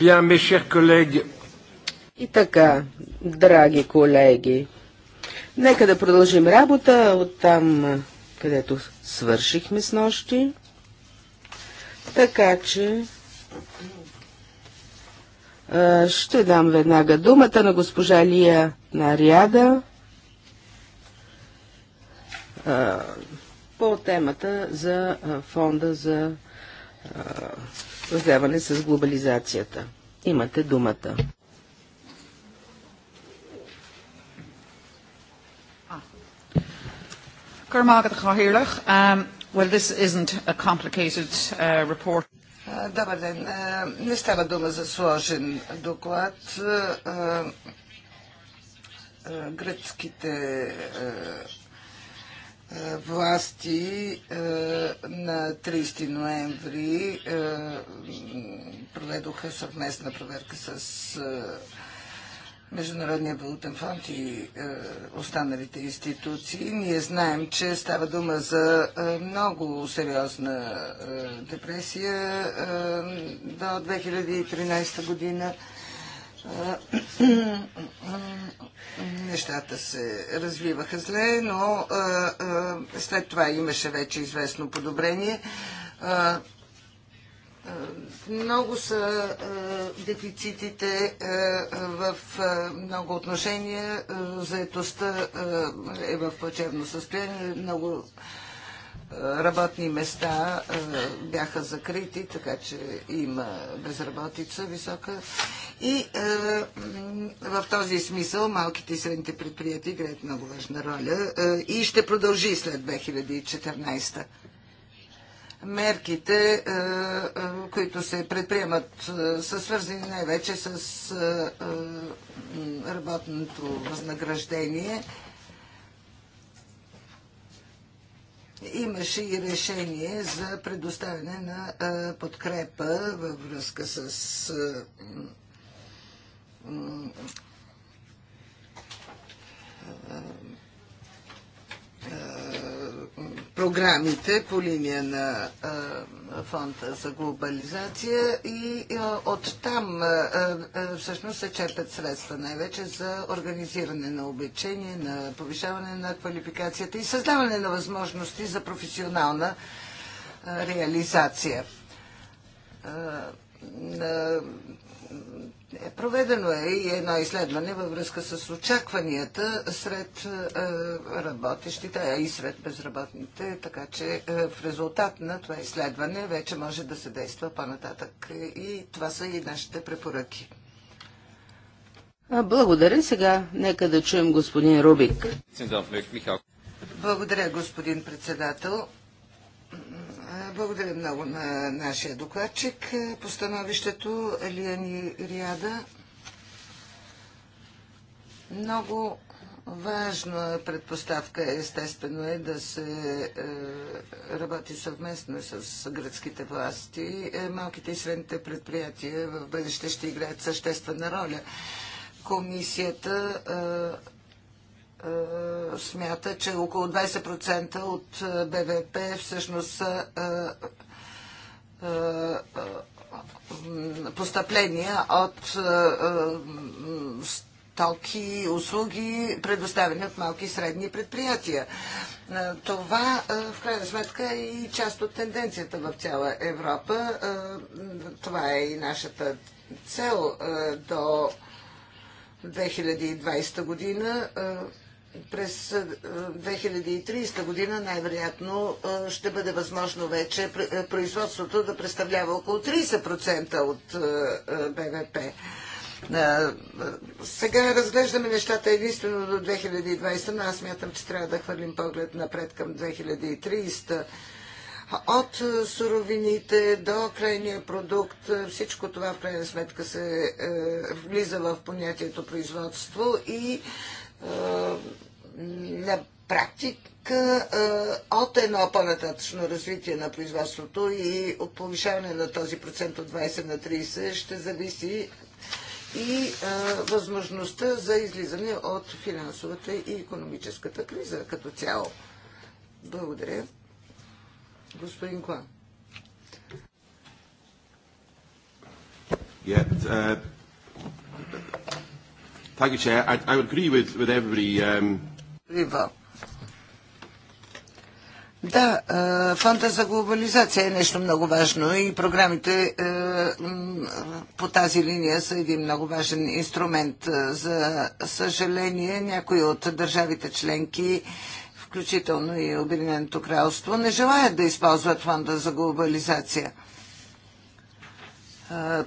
Bien, mes chers collègues. И така, драги колеги, нека да продължим работа от там, където свършихме с нощи. Така че ще дам веднага думата на госпожа Лия Наряда по темата за фонда за съобразяване с глобализацията. Имате думата. Ehm, eh, eh, добър ден. Е, не става дума за сложен доклад. Е, е, гръцките е, власти е, на 30 ноември е, проведоха съвместна проверка с Международния валутен фонд и останалите институции. Ние знаем, че става дума за много сериозна депресия до 2013 година. нещата се развиваха зле, но след това имаше вече известно подобрение. Много са дефицитите в много отношения. Заетостта е в плачевно състояние. Много работни места бяха закрити, така че има безработица висока. И в този смисъл малките и средните предприятия играят много важна роля и ще продължи след 2014 мерките, които се предприемат, са свързани най-вече с работното възнаграждение имаше и решение за предоставяне на подкрепа във връзка с програмите по линия на фонда за глобализация и от там, всъщност се черпят средства най-вече за организиране на обучение, на повишаване на квалификацията и създаване на възможности за професионална реализация Проведено е и едно изследване във връзка с очакванията сред е, работещите а и сред безработните, така че е, в резултат на това изследване вече може да се действа по-нататък. И това са и нашите препоръки. Благодаря. Сега нека да чуем господин Рубик. Благодаря, господин председател. Благодаря много на нашия докладчик. По становището Риада. Много важна предпоставка естествено е да се е, работи съвместно с гръцките власти. Е, малките и средните предприятия в бъдеще ще играят съществена роля. Комисията е, е, смята, че около 20% от е, БВП всъщност са е, постъпления от стоки, услуги, предоставени от малки и средни предприятия. Това в крайна сметка е и част от тенденцията в цяла Европа. Това е и нашата цел до 2020 година през 2030 година най-вероятно ще бъде възможно вече производството да представлява около 30% от БВП. Сега разглеждаме нещата единствено до 2020, но аз мятам, че трябва да хвърлим поглед напред към 2030. От суровините до крайния продукт, всичко това в крайна сметка се влиза в понятието производство и е, на практика е, от едно по-нататъчно развитие на производството и от повишаване на този процент от 20 на 30 ще зависи и е, възможността за излизане от финансовата и економическата криза като цяло. Благодаря. Господин Клан. Yeah, uh, Thank you, Chair. I, I agree with, with every... Um... Да, е, фонда за глобализация е нещо много важно и програмите е, по тази линия са един много важен инструмент. Е, за съжаление, някои от държавите членки, включително и Обединеното кралство, не желаят да използват фонда за глобализация –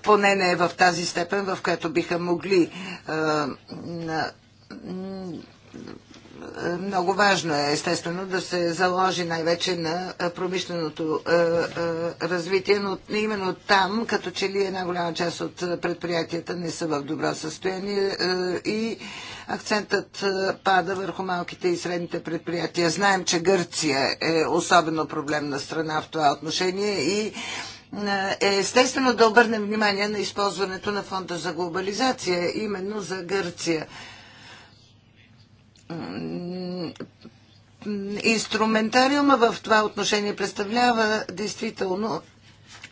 поне не е в тази степен, в която биха могли. Много важно е, естествено, да се заложи най-вече на промишленото развитие, но именно там, като че ли една голяма част от предприятията не са в добро състояние и акцентът пада върху малките и средните предприятия. Знаем, че Гърция е особено проблемна страна в това отношение и е естествено да обърнем внимание на използването на фонда за глобализация, именно за Гърция. Инструментариума в това отношение представлява действително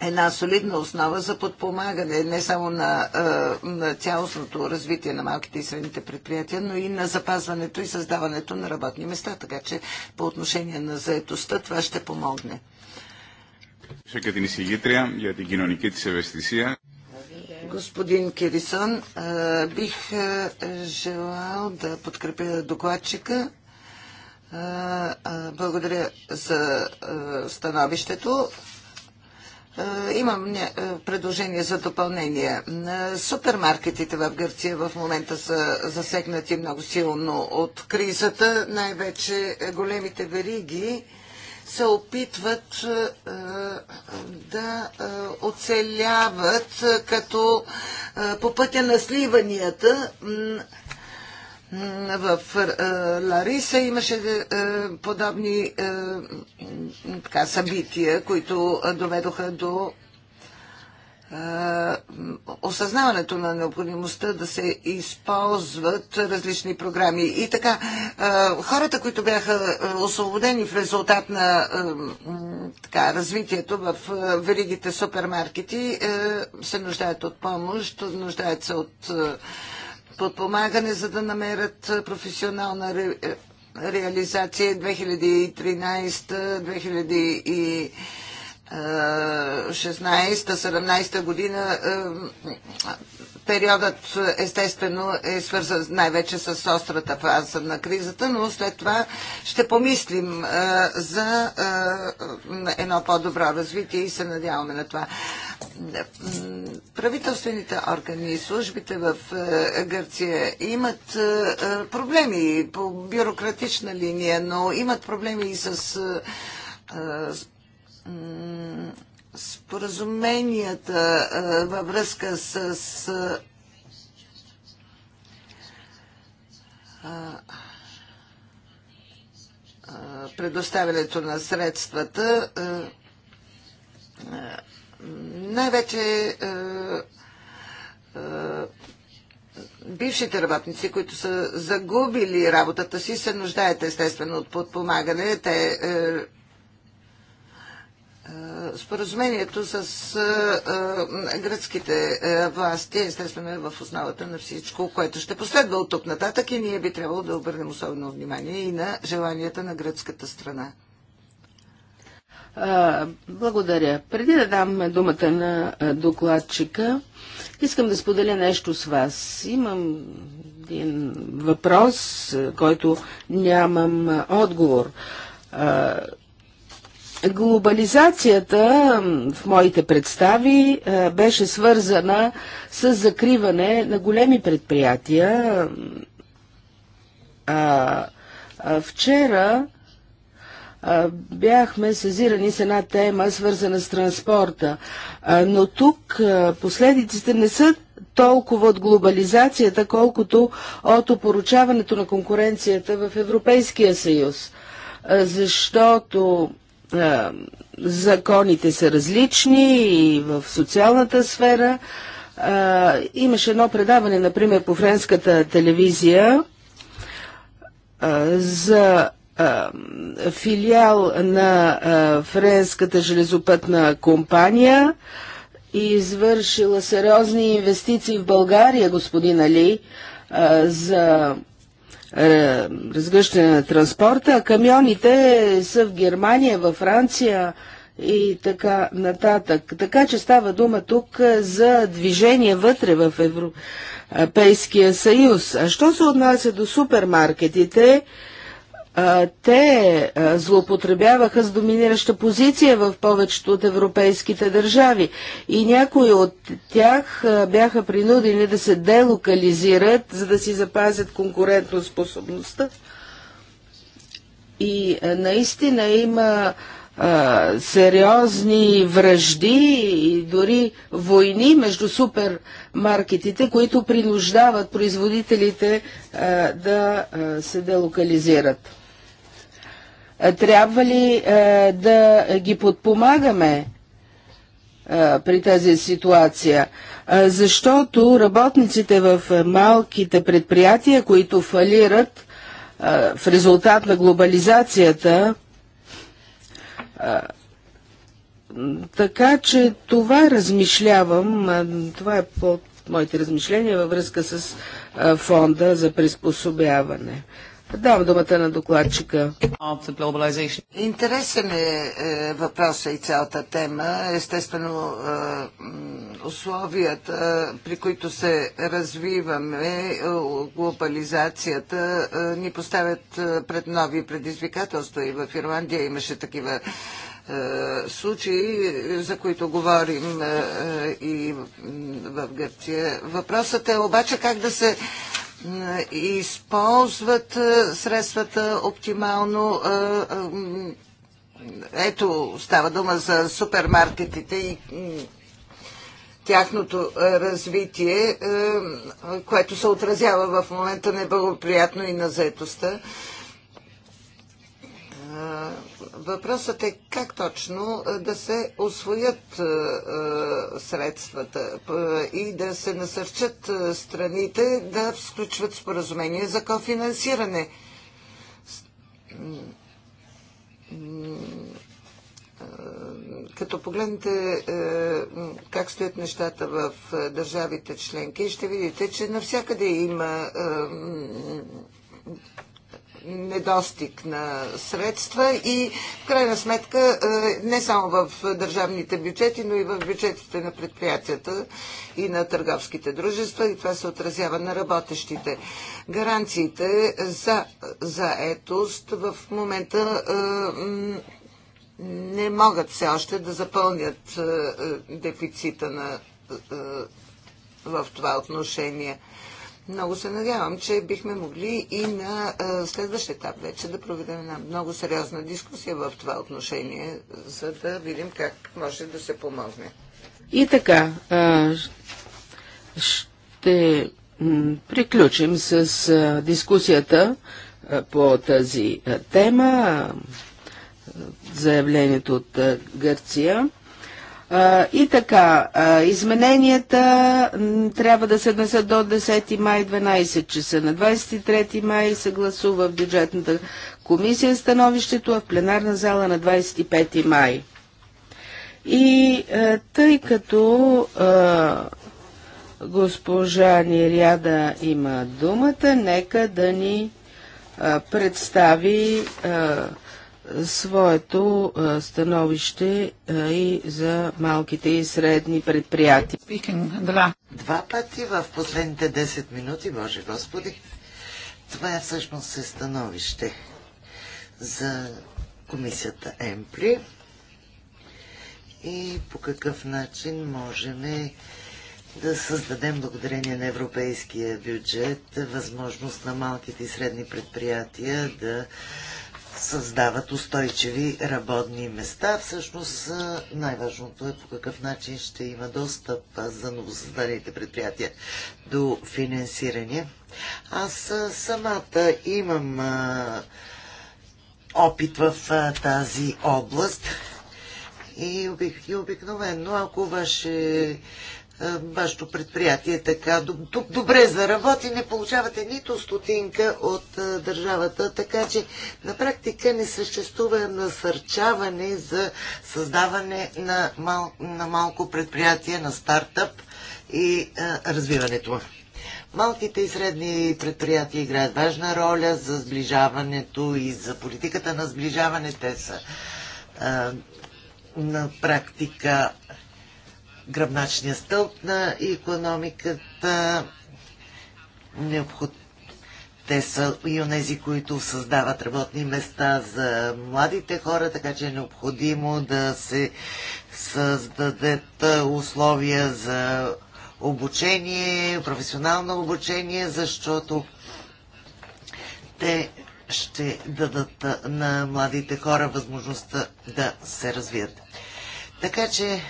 една солидна основа за подпомагане не само на, е, на цялостното развитие на малките и средните предприятия, но и на запазването и създаването на работни места. Така че по отношение на заетостта това ще помогне. Господин Кирисон, бих желал да подкрепя докладчика. Благодаря за становището. Имам предложение за допълнение. Супермаркетите в Гърция в момента са засегнати много силно от кризата, най-вече големите вериги се опитват е, е, да е, оцеляват като по пътя на сливанията в Лариса имаше подобни така, събития, които доведоха до осъзнаването на необходимостта да се използват различни програми. И така, хората, които бяха освободени в резултат на така, развитието в веригите супермаркети, се нуждаят от помощ, нуждаят се от подпомагане, за да намерят професионална ре... реализация 2013 2000 16-17 година периодът естествено е свързан най-вече с острата фаза на кризата, но след това ще помислим е, за е, едно по-добро развитие и се надяваме на това. Правителствените органи и службите в е, Гърция имат проблеми по бюрократична линия, но имат проблеми и с споразуменията във връзка с предоставянето на средствата, най-вече бившите работници, които са загубили работата си, се нуждаят естествено от подпомагане. Те е, Споразумението с гръцките власти естествено е в основата на всичко, което ще последва от тук нататък и ние би трябвало да обърнем особено внимание и на желанията на гръцката страна. Благодаря. Преди да дам думата на докладчика, искам да споделя нещо с вас. Имам един въпрос, който нямам отговор. Глобализацията в моите представи е, беше свързана с закриване на големи предприятия. А, а вчера а, бяхме сезирани с една тема, свързана с транспорта, а, но тук а, последиците не са толкова от глобализацията, колкото от опоручаването на конкуренцията в Европейския съюз. Защото законите са различни и в социалната сфера. А, имаше едно предаване, например, по френската телевизия а, за а, филиал на а, френската железопътна компания и извършила сериозни инвестиции в България, господин Али, а, за разгръщане на транспорта, а камионите са в Германия, във Франция и така нататък. Така че става дума тук е, за движение вътре в Европейския съюз. А що се отнася до супермаркетите, те злоупотребяваха с доминираща позиция в повечето от европейските държави и някои от тях бяха принудени да се делокализират, за да си запазят конкурентоспособността. И наистина има сериозни връжди и дори войни между супермаркетите, които принуждават производителите да се делокализират. Трябва ли да ги подпомагаме при тази ситуация? Защото работниците в малките предприятия, които фалират в резултат на глобализацията, така че това размишлявам, това е по моите размишления във връзка с фонда за приспособяване. Давам думата на докладчика. Интересен е, е въпроса и цялата тема. Естествено, е, условията, при които се развиваме, е, глобализацията е, ни поставят е, пред нови предизвикателства. И в Ирландия имаше такива е, случаи, за които говорим и в Гърция. Въпросът е обаче как да се използват е, средствата оптимално. Е, е, ето, става дума за супермаркетите и тяхното развитие, което се отразява в момента неблагоприятно и на заетостта. Въпросът е как точно е, да се освоят е, е, средствата и да се насърчат страните да включват споразумение за кофинансиране. Като погледнете как стоят нещата в държавите членки, ще видите, че навсякъде има недостиг на средства и в крайна сметка е, не само в държавните бюджети, но и в бюджетите на предприятията и на търговските дружества и това се отразява на работещите. Гаранциите за заетост в момента е, не могат все още да запълнят е, дефицита на, в това отношение. Много се надявам, че бихме могли и на следващ етап вече да проведем една много сериозна дискусия в това отношение, за да видим как може да се помогне. И така, ще приключим с дискусията по тази тема, заявлението от Гърция. И така, измененията трябва да се внесат до 10 май 12 часа. На 23 май се гласува в бюджетната комисия становището, а в пленарна зала на 25 май. И тъй като госпожа Ниряда има думата, нека да ни представи своето становище и за малките и средни предприятия. Два пъти в последните 10 минути, Боже Господи. Това е всъщност е становище за комисията Емпли и по какъв начин можем да създадем благодарение на европейския бюджет възможност на малките и средни предприятия да създават устойчиви работни места. Всъщност най-важното е по какъв начин ще има достъп за новосъздадените предприятия до финансиране. Аз самата имам опит в тази област и обикновено, ако ваше е, вашето предприятие е така добре заработи, не получавате нито стотинка от е, държавата, така че на практика не съществува насърчаване за създаване на, мал, на малко предприятие, на стартъп и а, развиването Малките и средни предприятия играят важна роля за сближаването и за политиката на сближаване. Те са а, на практика гръбначния стълб на економиката. Необход... Те са и онези, които създават работни места за младите хора, така че е необходимо да се създадат условия за обучение, професионално обучение, защото те ще дадат на младите хора възможността да се развият. Така че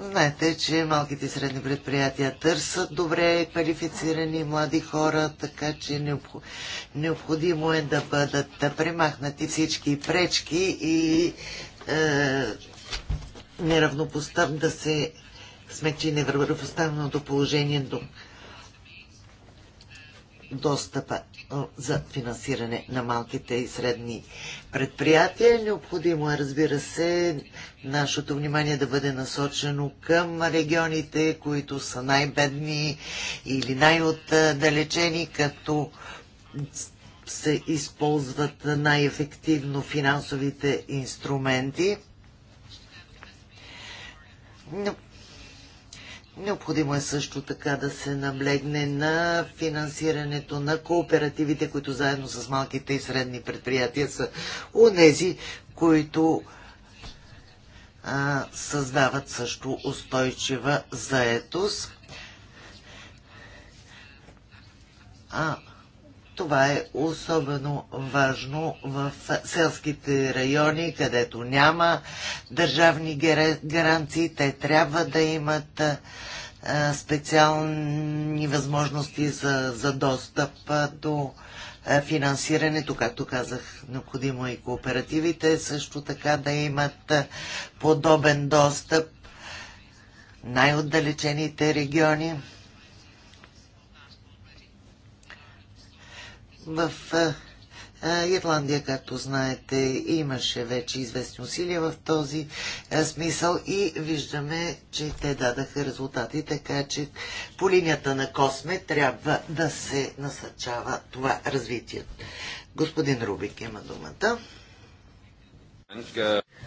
Знаете, че малките и средни предприятия търсят добре квалифицирани млади хора, така че необходимо е да бъдат да премахнати всички пречки и е, неравнопостав, да се смекчи положение до достъпа за финансиране на малките и средни предприятия. Необходимо е, разбира се, нашето внимание да бъде насочено към регионите, които са най-бедни или най-отдалечени, като се използват най-ефективно финансовите инструменти. Необходимо е също така да се наблегне на финансирането на кооперативите, които заедно с малките и средни предприятия са унези, които а, създават също устойчива заетост. А това е особено важно в селските райони, където няма държавни гаранции. Те трябва да имат специални възможности за, за достъп до финансирането, както казах, необходимо е и кооперативите също така да имат подобен достъп най-отдалечените региони. В Ирландия, както знаете, имаше вече известни усилия в този смисъл и виждаме, че те дадаха резултати, така че по линията на Косме трябва да се насърчава това развитие. Господин Рубик има думата.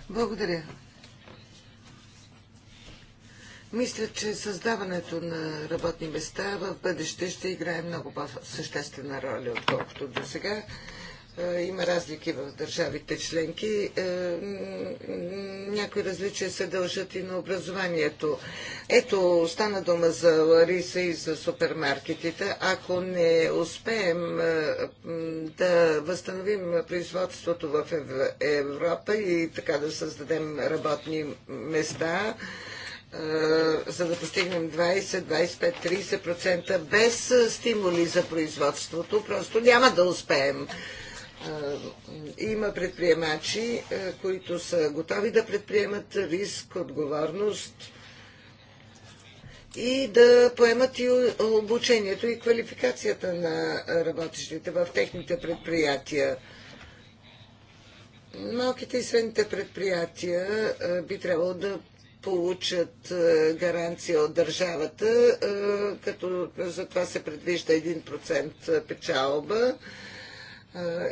Благодаря. Мисля, че създаването на работни места в бъдеще ще играе много по-съществена роля, отколкото до сега. Е, има разлики в държавите членки. Е, някои различия се дължат и на образованието. Ето, стана дума за Лариса и за супермаркетите. Ако не успеем е, да възстановим производството в Европа и така да създадем работни места, е, за да постигнем 20, 25, 30% без е, стимули за производството, просто няма да успеем. Е, има предприемачи, които са готови да предприемат риск, отговорност и да поемат и обучението и квалификацията на работещите в техните предприятия. Малките и средните предприятия би трябвало да получат е, гаранция от държавата, е, като за това се предвижда 1% печалба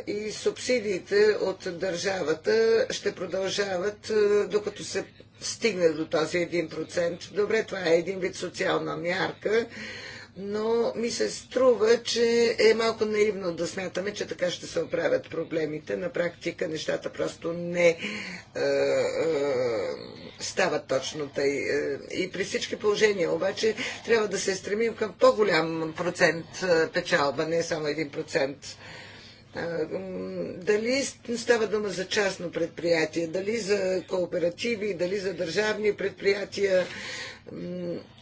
е, и субсидиите от държавата ще продължават докато се стигне до този 1%. Добре, това е един вид социална мярка, но ми се струва, че е малко наивно да смятаме, че така ще се оправят проблемите. На практика нещата просто не е, е, стават точно тъй. Е, и при всички положения обаче трябва да се стремим към по-голям процент е, печалба, не само един процент. Е, дали става дума за частно предприятие, дали за кооперативи, дали за държавни предприятия,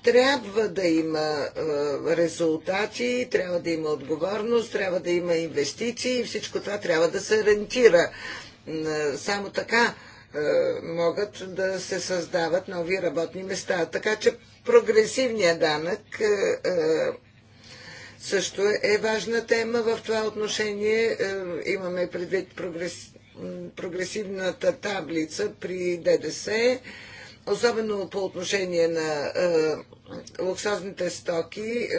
трябва да има е, резултати, трябва да има отговорност, трябва да има инвестиции и всичко това трябва да се рентира. Е, само така е, могат да се създават нови работни места. Така че прогресивният данък също е важна тема. В това отношение имаме предвид прогресивната таблица при ДДС особено по отношение на е, луксозните стоки. Е,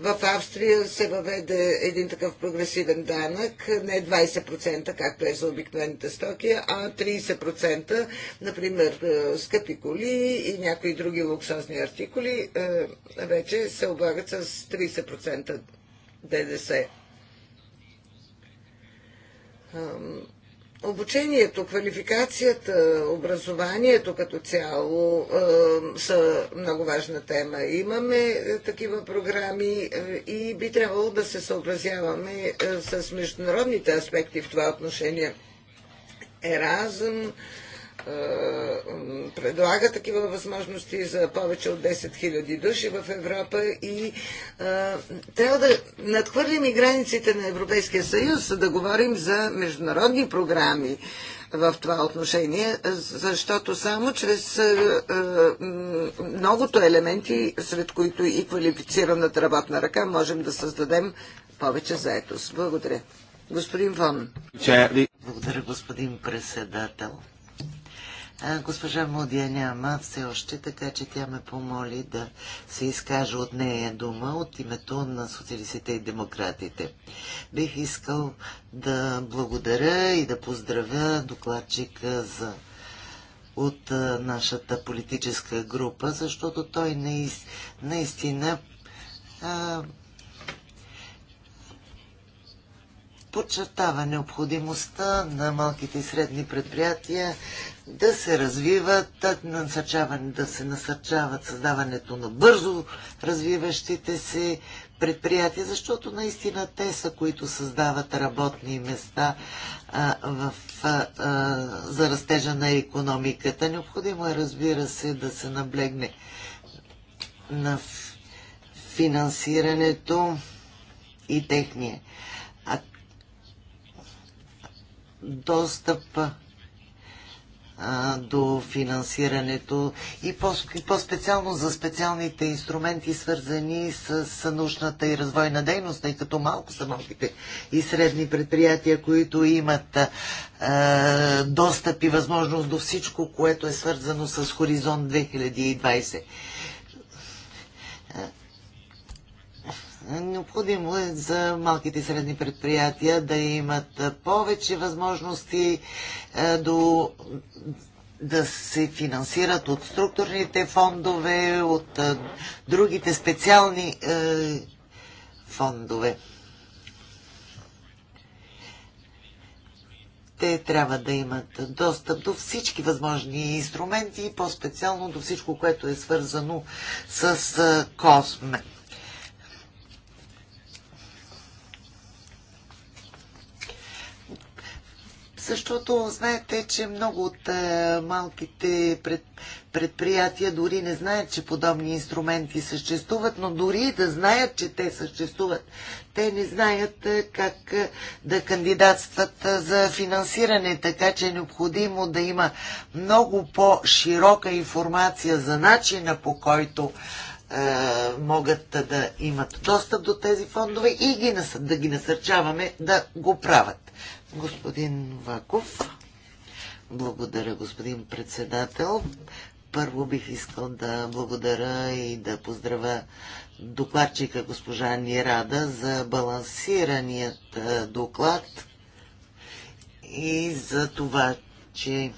в Австрия се въведе един такъв прогресивен данък, не 20%, както е за обикновените стоки, а 30%, например, е, скъпи коли и някои други луксозни артикули вече се облагат с 30% ДДС обучението, квалификацията, образованието като цяло е, са много важна тема. Имаме е, такива програми е, и би трябвало да се съобразяваме с международните аспекти в това отношение. Еразъм, е, предлага такива възможности за повече от 10 000 души в Европа и е, трябва да надхвърлим и границите на Европейския съюз, да говорим за международни програми в това отношение, защото само чрез е, многото елементи, сред които и квалифицираната работна ръка, можем да създадем повече заетост. Благодаря. Господин Вон. Благодаря, господин председател госпожа Мудия няма все още, така че тя ме помоли да се изкаже от нея дума от името на социалистите и демократите. Бих искал да благодаря и да поздравя докладчика за от нашата политическа група, защото той наистина а, подчертава необходимостта на малките и средни предприятия да се развиват, да се насърчават създаването на бързо развиващите се предприятия, защото наистина те са, които създават работни места а, в, а, за растежа на економиката. Необходимо е, разбира се, да се наблегне на финансирането и техния достъп а, до финансирането и по-специално по за специалните инструменти, свързани с, с научната и развойна дейност, тъй като малко са малките и средни предприятия, които имат а, достъп и възможност до всичко, което е свързано с Хоризонт 2020. Необходимо е за малките и средни предприятия да имат повече възможности е, до да се финансират от структурните фондове, от е, другите специални е, фондове. Те трябва да имат достъп до всички възможни инструменти и по-специално до всичко, което е свързано с Косме. защото знаете, че много от е, малките предприятия дори не знаят, че подобни инструменти съществуват, но дори да знаят, че те съществуват, те не знаят е, как е, да кандидатстват за финансиране, така че е необходимо да има много по-широка информация за начина по който могат да имат достъп до тези фондове и ги, да ги насърчаваме да го правят. Господин Ваков. Благодаря, господин председател. Първо бих искал да благодаря и да поздравя докладчика госпожа Нирада за балансираният доклад и за това, че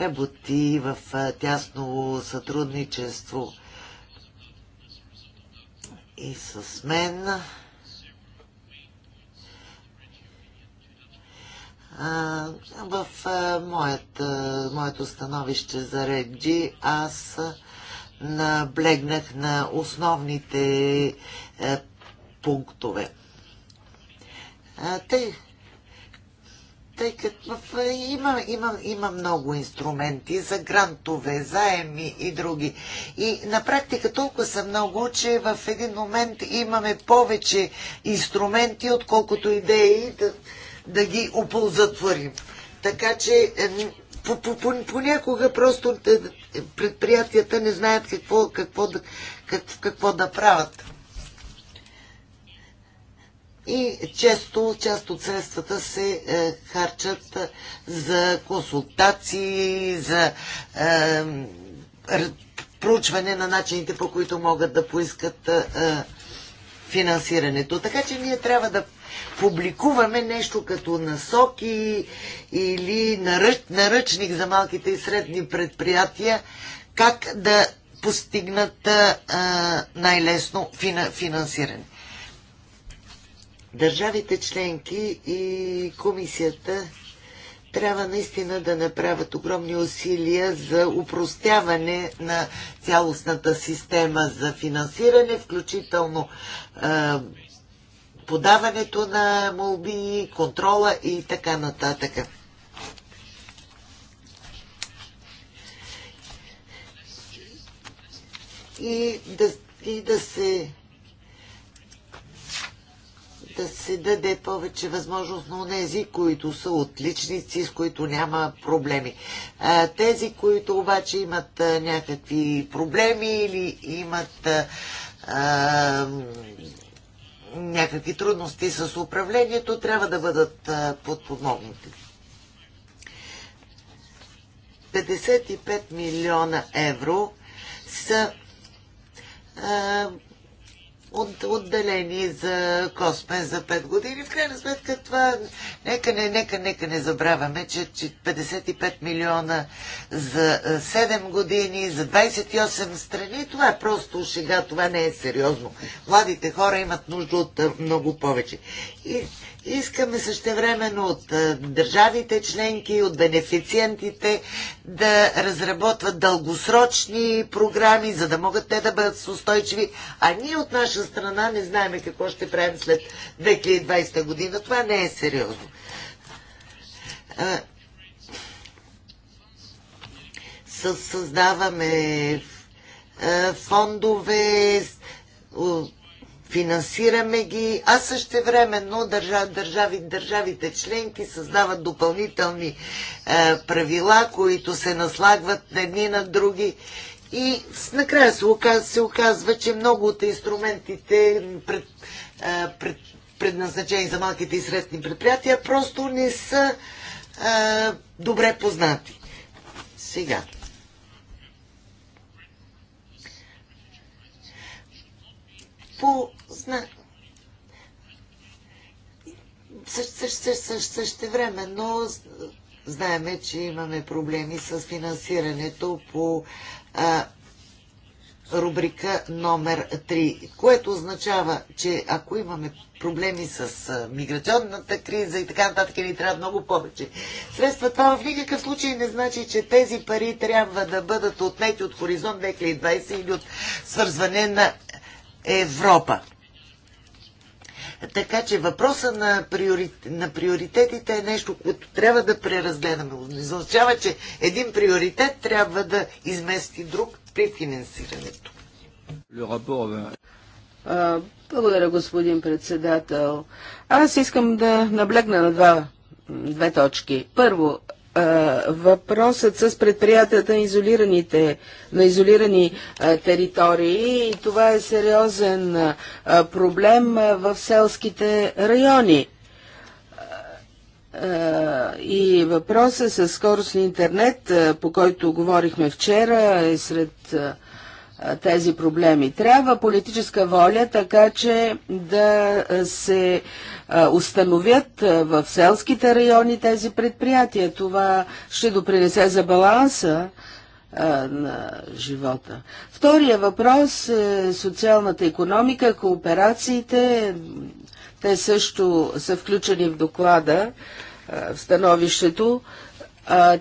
работи в тясно сътрудничество и с мен. В е, моят, е, моето становище за Реджи аз наблегнах на основните е, пунктове. Тъй, тъй като в, има, има, има много инструменти за грантове, заеми и други. И на практика толкова са много, че в един момент имаме повече инструменти, отколкото идеи да, да ги оползатворим. Така че понякога просто е, е, предприятията не знаят какво, какво, какво, какво да правят. И често част от средствата се е, харчат е, за консултации, за е, проучване на начините, по които могат да поискат е, финансирането. Така че ние трябва да публикуваме нещо като насоки или наръч, наръчник за малките и средни предприятия, как да постигнат най-лесно финансиране. Държавите членки и комисията трябва наистина да направят огромни усилия за упростяване на цялостната система за финансиране, включително подаването на молби, контрола и така нататък. И да, и да се да се даде повече възможност на тези, които са отличници, с които няма проблеми. Тези, които обаче имат някакви проблеми или имат а, някакви трудности с управлението, трябва да бъдат подпомогнати. 55 милиона евро са отделени за Косме за 5 години. В крайна сметка това, нека не, нека, нека не забравяме, че, че 55 милиона за 7 години, за 28 страни, това е просто шега, това не е сериозно. Младите хора имат нужда от много повече. И искаме същевременно от държавите членки, от бенефициентите да разработват дългосрочни програми, за да могат те да бъдат устойчиви, а ние от наша страна не знаеме какво ще правим след 2020 година. Това не е сериозно. Създаваме фондове, финансираме ги, а също времено държав, държави, държавите членки създават допълнителни е, правила, които се наслагват едни на други и накрая се оказва, се оказва че много от инструментите пред, пред, предназначени за малките и средни предприятия просто не са а, добре познати. Сега. По, зна, но знаеме, че имаме проблеми с финансирането по а, рубрика номер 3, което означава, че ако имаме проблеми с миграционната криза и така нататък, ни трябва много повече средства. Това в никакъв случай не значи, че тези пари трябва да бъдат отнети от Хоризонт 2020 или от свързване на Европа. Така че въпроса на, приорит... на приоритетите е нещо, което трябва да преразгледаме. Не означава, че един приоритет трябва да измести друг при финансирането. Euh, благодаря, господин председател. Аз искам да наблегна на два, две точки. Първо, въпросът с предприятията на изолираните, на изолирани а, територии и това е сериозен а, проблем а, в селските райони. И въпросът с скоростния интернет, по който говорихме вчера, е сред тези проблеми. Трябва политическа воля, така че да се установят в селските райони тези предприятия. Това ще допринесе за баланса на живота. Втория въпрос е социалната економика, кооперациите. Те също са включени в доклада, в становището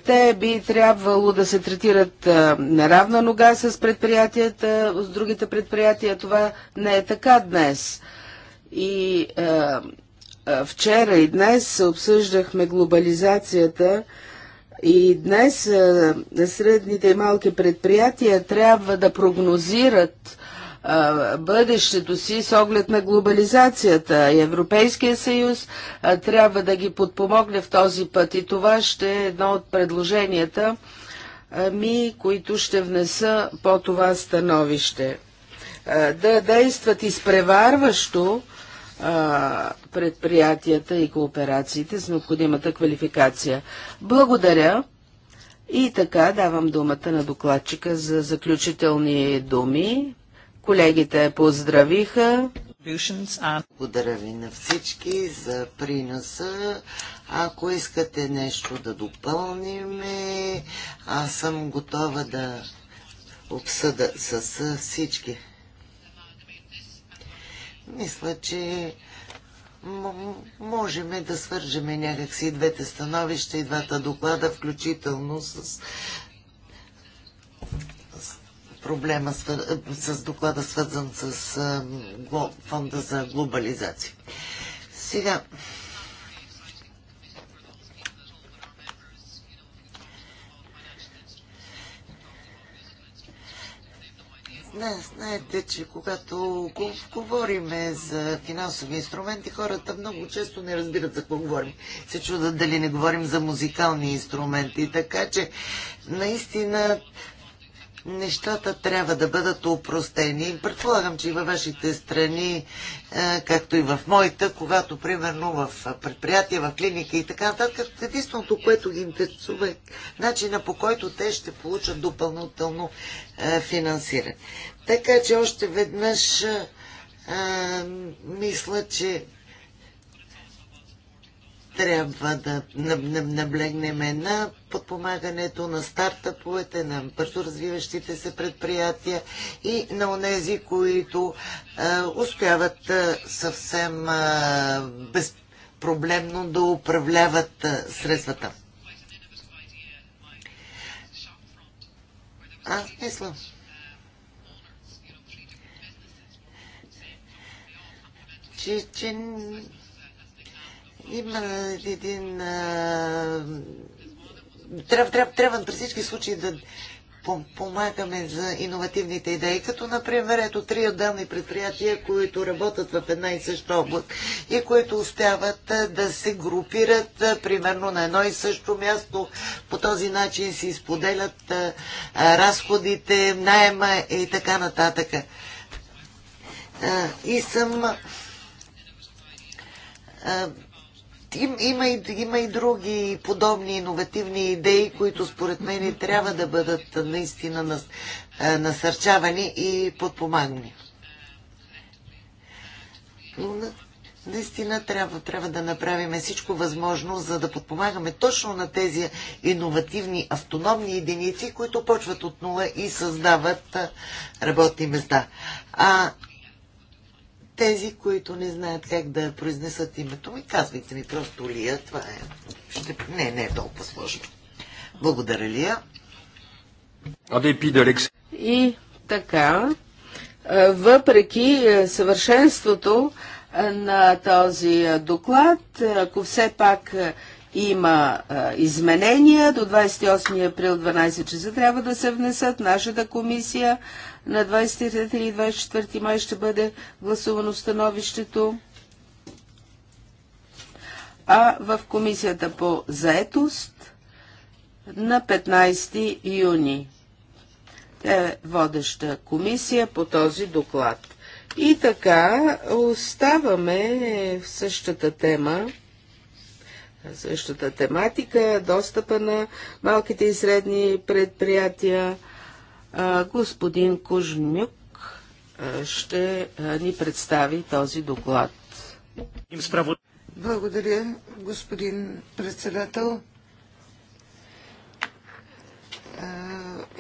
те би трябвало да се третират на равна нога с предприятията, с другите предприятия. Това не е така днес. И а, а, вчера и днес обсъждахме глобализацията и днес а, средните и малки предприятия трябва да прогнозират бъдещето си с оглед на глобализацията. Европейския съюз трябва да ги подпомогне в този път и това ще е едно от предложенията ми, които ще внеса по това становище. Да действат изпреварващо предприятията и кооперациите с необходимата квалификация. Благодаря. И така давам думата на докладчика за заключителни думи. Колегите поздравиха. Благодаря ви на всички за приноса. Ако искате нещо да допълним, аз съм готова да обсъда с всички. Мисля, че можем да свържеме някакси двете становища и двата доклада, включително с проблема с доклада, свързан с фонда за глобализация. Сега, Не, знаете, че когато говорим за финансови инструменти, хората много често не разбират за какво говорим. Се чудат дали не говорим за музикални инструменти. Така че, наистина, нещата трябва да бъдат упростени. Предполагам, че и във вашите страни, е, както и в моята, когато примерно в предприятия, в клиника и така нататък, единственото, което ги интересува е начина по който те ще получат допълнително е, финансиране. Така че още веднъж е, мисля, че трябва да наблегнем на подпомагането на стартъповете, на бързо развиващите се предприятия и на онези, които а, успяват а, съвсем а, безпроблемно да управляват а, средствата. А, мисля. Че, че има един... Трябва, трябва, трябва при всички случаи да помагаме за иновативните идеи, като например ето три отделни предприятия, които работят в една и съща област и които успяват да се групират примерно на едно и също място. По този начин си изподелят разходите, найема и така нататък. И съм им, има, и, има и други подобни иновативни идеи, които според мен трябва да бъдат наистина нас, е, насърчавани и подпомагани. Но наистина трябва, трябва да направим всичко възможно, за да подпомагаме точно на тези иновативни автономни единици, които почват от нула и създават е, работни места. А тези, които не знаят как да произнесат името ми, казвайте ми просто Лия. Това е... Ще... Не, не е толкова сложно. Благодаря, Лия. И така, въпреки съвършенството на този доклад, ако все пак има а, изменения. До 28 април 12 часа трябва да се внесат. Нашата комисия на 23 и 24 май ще бъде гласувано становището. А в комисията по заетост на 15 юни. Тя е водеща комисия по този доклад. И така, оставаме в същата тема същата тематика, достъпа на малките и средни предприятия. Господин Кужнюк ще ни представи този доклад. Благодаря, господин председател.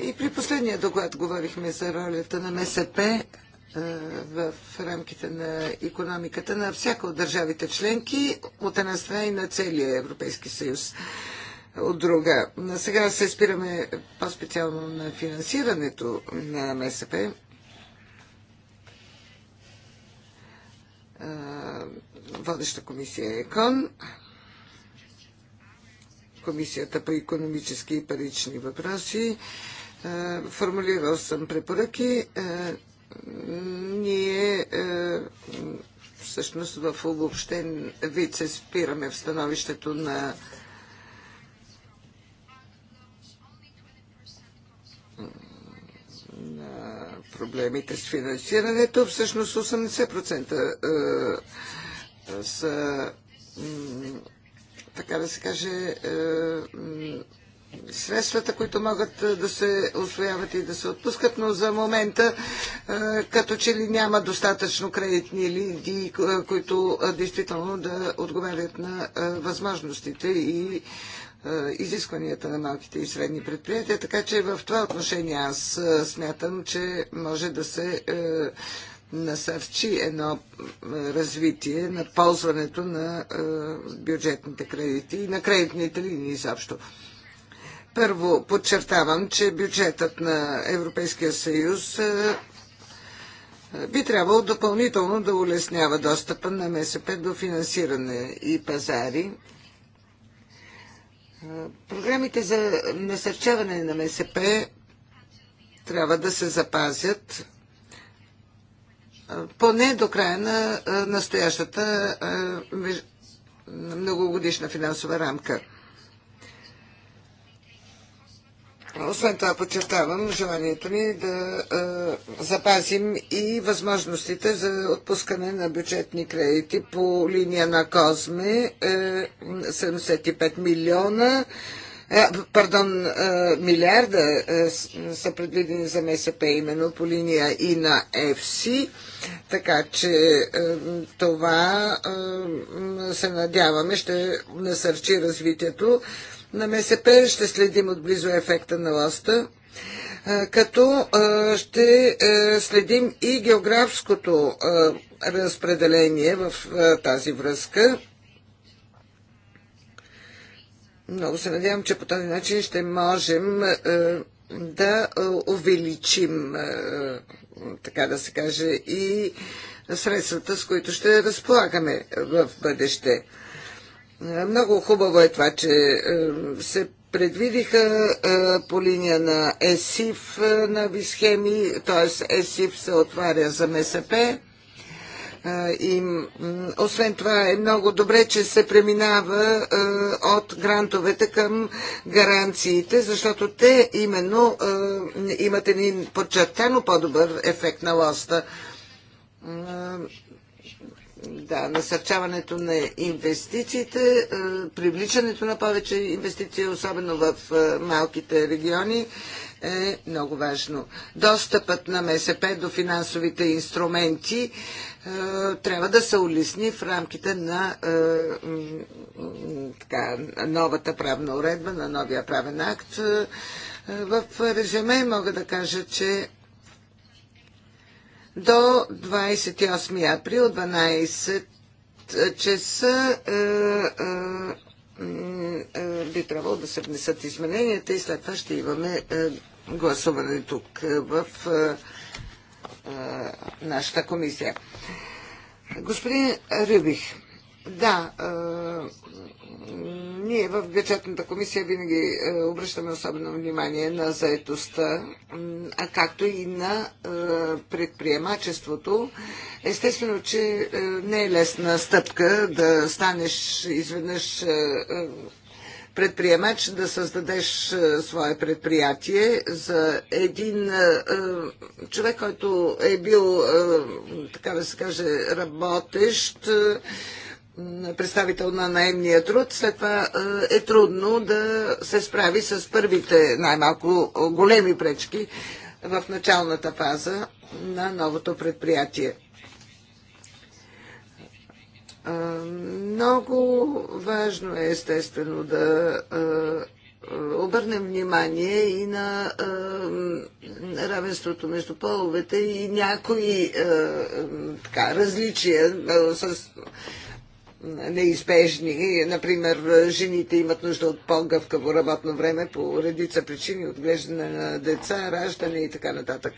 И при последния доклад говорихме за ролята на МСП е, в рамките на економиката на всяка от държавите членки, от една страна и на целия Европейски съюз от друга. Сега се спираме по-специално на финансирането на МСП. Е, водеща комисия е ЕКОН, Комисията по економически и парични въпроси. Е, формулирал съм препоръки ние е, всъщност в обобщен вид се спираме в становището на проблемите с финансирането. Всъщност 80% е, са така да се каже е, средствата, които могат да се освояват и да се отпускат, но за момента като че ли няма достатъчно кредитни линии, които действително да отговарят на възможностите и изискванията на малките и средни предприятия, така че в това отношение аз смятам, че може да се насърчи едно развитие на ползването на бюджетните кредити и на кредитните линии изобщо. Първо подчертавам, че бюджетът на Европейския съюз е, е, би трябвало допълнително да улеснява достъпа на МСП до финансиране и пазари. Е, програмите за насърчаване на МСП трябва да се запазят поне до края на настоящата многогодишна финансова рамка. Освен това подчертавам желанието ни да е, запазим и възможностите за отпускане на бюджетни кредити по линия на Козме е, 75 милиона е, пардон, е, милиарда е, са предвидени за МСП именно по линия и на ЕФСИ, така че това се надяваме ще насърчи развитието на МСП. Ще следим отблизо ефекта на ласта като ще е, следим и географското разпределение в тази връзка. Много се надявам, че по този начин ще можем е, да е, увеличим, така да се каже, и средствата, с които ще разполагаме в бъдеще. Много хубаво е това, че е, се предвидиха е, по линия на ЕСИФ е, нови схеми, т.е. ЕСИФ се отваря за МСП. И, освен това е много добре, че се преминава от грантовете към гаранциите, защото те именно имат един подчертано по-добър ефект на лоста да, насърчаването на инвестициите, е, привличането на повече инвестиции, особено в е, малките региони, е много важно. Достъпът на МСП до финансовите инструменти е, трябва да се улесни в рамките на така, новата правна уредба, на новия правен акт. В резюме мога да кажа, че до 28 април 12 е, часа е, е, би трябвало да се внесат измененията и след това ще имаме гласуване тук в нашата комисия. Господин Рюбих, да, ние в бюджетната комисия винаги е, обръщаме особено внимание на заетостта, а както и на е, предприемачеството. Естествено, че е, не е лесна стъпка да станеш изведнъж предприемач, да създадеш свое предприятие за един човек, който е бил, така да се каже, работещ представител на наемния труд, след това е, е трудно да се справи с първите най-малко големи пречки в началната фаза на новото предприятие. Много важно е, естествено, да обърнем внимание и на равенството между половете и някои така, различия с неизбежни. Например, жените имат нужда от по-гъвкаво работно време по редица причини, отглеждане на деца, раждане и така нататък.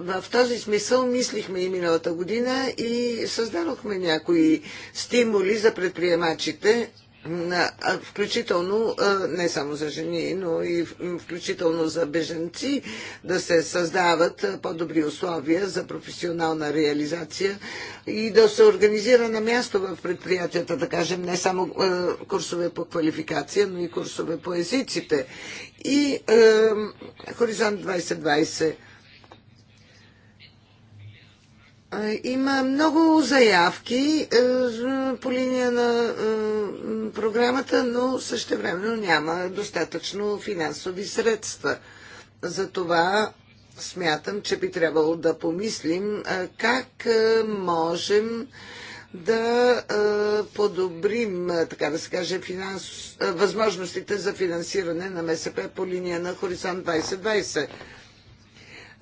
В този смисъл мислихме и миналата година и създадохме някои стимули за предприемачите включително не само за жени, но и включително за беженци, да се създават по-добри условия за професионална реализация и да се организира на място в предприятията, да кажем, не само курсове по квалификация, но и курсове по езиците. И е, Хоризонт 2020 има много заявки е, по линия на е, програмата, но също времено няма достатъчно финансови средства. Затова смятам, че би трябвало да помислим е, как можем да подобрим, така да се каже, финанс... възможностите за финансиране на МСП по линия на Хоризонт 2020.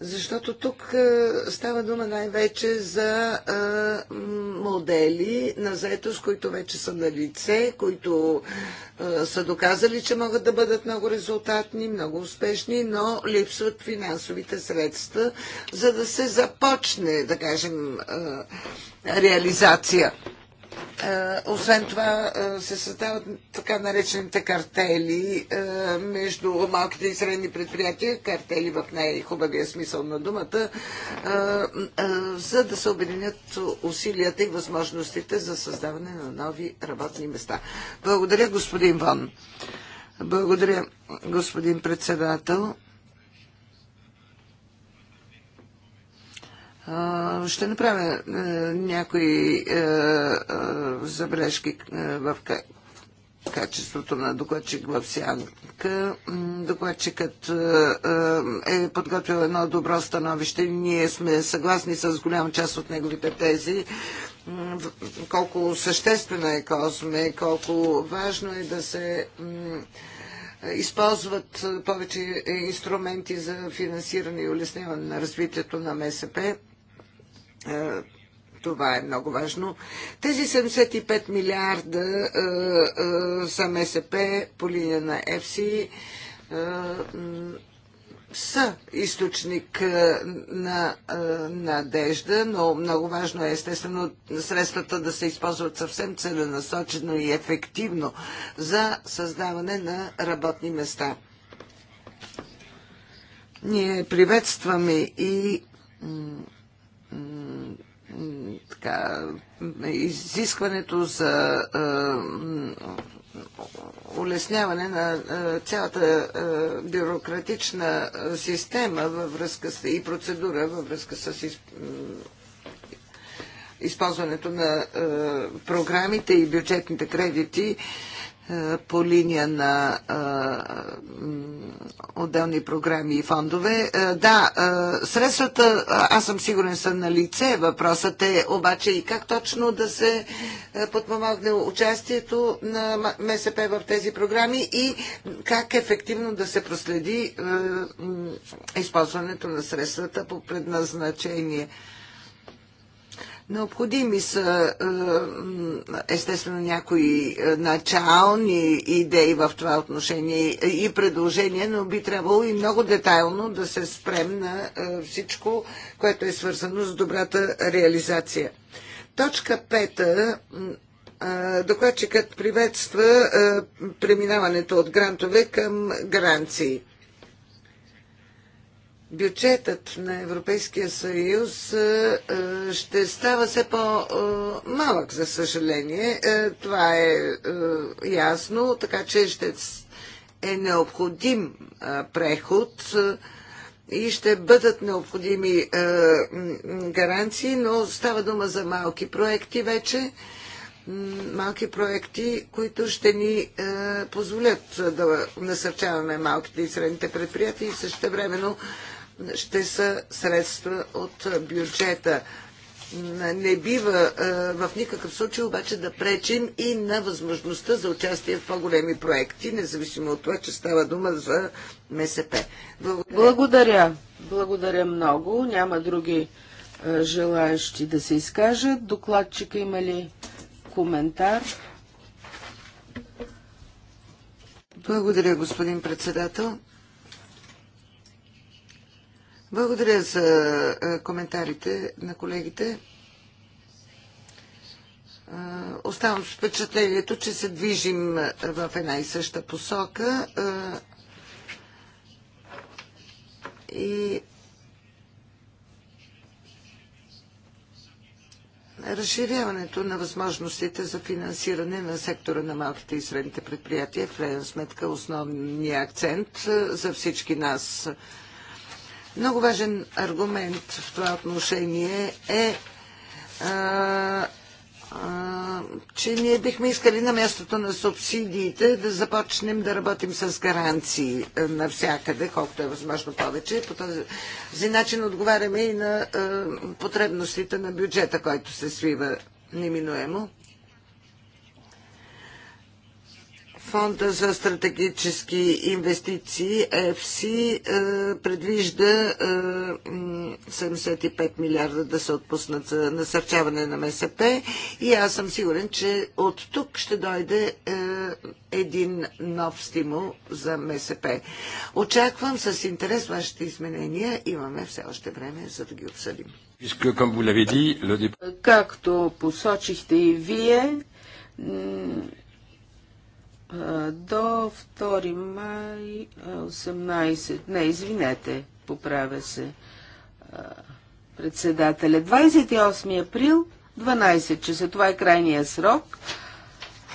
Защото тук е, става дума най-вече за е, модели на заетост, които вече са на лице, които е, са доказали, че могат да бъдат много резултатни, много успешни, но липсват финансовите средства, за да се започне, да кажем, реализация е, освен това е, се създават така наречените картели е, между малките и средни предприятия, картели в най-хубавия смисъл на думата, за да се объединят усилията и възможностите за създаване на нови работни места. Благодаря, господин Вон. Благодаря, господин председател. Ще направя е, някои е, е, забележки в качеството на докладчик в Сянка. Докладчикът е подготвил едно добро становище. Ние сме съгласни с голяма част от неговите тези. Колко съществена е Козме, колко важно е да се използват повече инструменти за финансиране и улесняване на развитието на МСП. Е, това е много важно. Тези 75 милиарда е, е, са МСП по линия на ЕФСИ са източник на надежда, но много важно е естествено средствата да се използват съвсем целенасочено и ефективно за създаване на работни места. Ние приветстваме и така, изискването за улесняване на цялата бюрократична система във връзка с, и процедура във връзка с използването на програмите и бюджетните кредити е, по линия на е, отделни програми и фондове. Е, да, средствата, аз съм сигурен, са на лице. Въпросът е обаче и как точно да се подпомогне участието на МСП в тези програми и как ефективно да се проследи използването на средствата по предназначение. Необходими са е, естествено някои е, начални идеи в това отношение и предложения, но би трябвало и много детайлно да се спрем на е, всичко, което е свързано с добрата реализация. Точка пета докладчикът приветства преминаването от грантове към гаранции бюджетът на Европейския съюз е, е, ще става все по-малък, за съжаление. Е, това е ясно, така че ще е необходим преход и ще бъдат необходими гаранции, но става дума за малки проекти вече. Малки проекти, които ще ни позволят да насърчаваме малките и средните предприятия и също времено ще са средства от бюджета. Не бива е, в никакъв случай обаче да пречим и на възможността за участие в по-големи проекти, независимо от това, че става дума за МСП. Благодаря. Благодаря, Благодаря много. Няма други е, желаящи да се изкажат. Докладчика има ли коментар? Благодаря, господин председател. Благодаря за коментарите на колегите. Оставам с впечатлението, че се движим в една и съща посока. И разширяването на възможностите за финансиране на сектора на малките и средните предприятия е в крайна сметка основния акцент за всички нас. Много важен аргумент в това отношение е, а, а, че ние бихме искали на мястото на субсидиите да започнем да работим с гаранции навсякъде, колкото е възможно повече. По този начин отговаряме и на а, потребностите на бюджета, който се свива неминуемо. фонда за стратегически инвестиции ЕФСИ е, предвижда 75 е, милиарда да се отпуснат за насърчаване на МСП и аз съм сигурен, че от тук ще дойде е, един нов стимул за МСП. Очаквам с интерес вашите изменения. Имаме все още време за да ги обсъдим. Както посочихте и вие, до 2 май 18. Не, извинете, поправя се председателя. 28 април 12 часа. Това е крайния срок.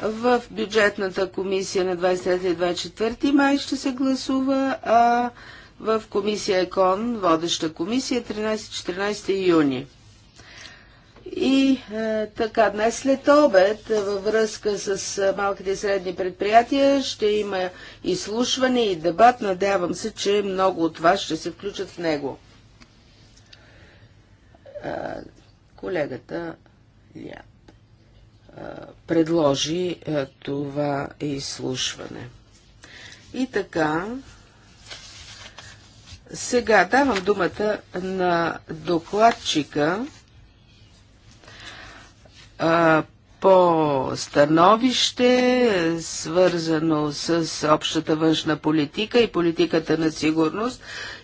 В бюджетната комисия на 23 и 24 май ще се гласува, а в комисия ЕКОН, водеща комисия, 13-14 юни. И е, така, днес след обед е, във връзка с е, малките и средни предприятия ще има изслушване и дебат. Надявам се, че много от вас ще се включат в него. Е, колегата е, предложи е, това изслушване. И така, сега давам думата на докладчика по становище, свързано с общата външна политика и политиката на сигурност.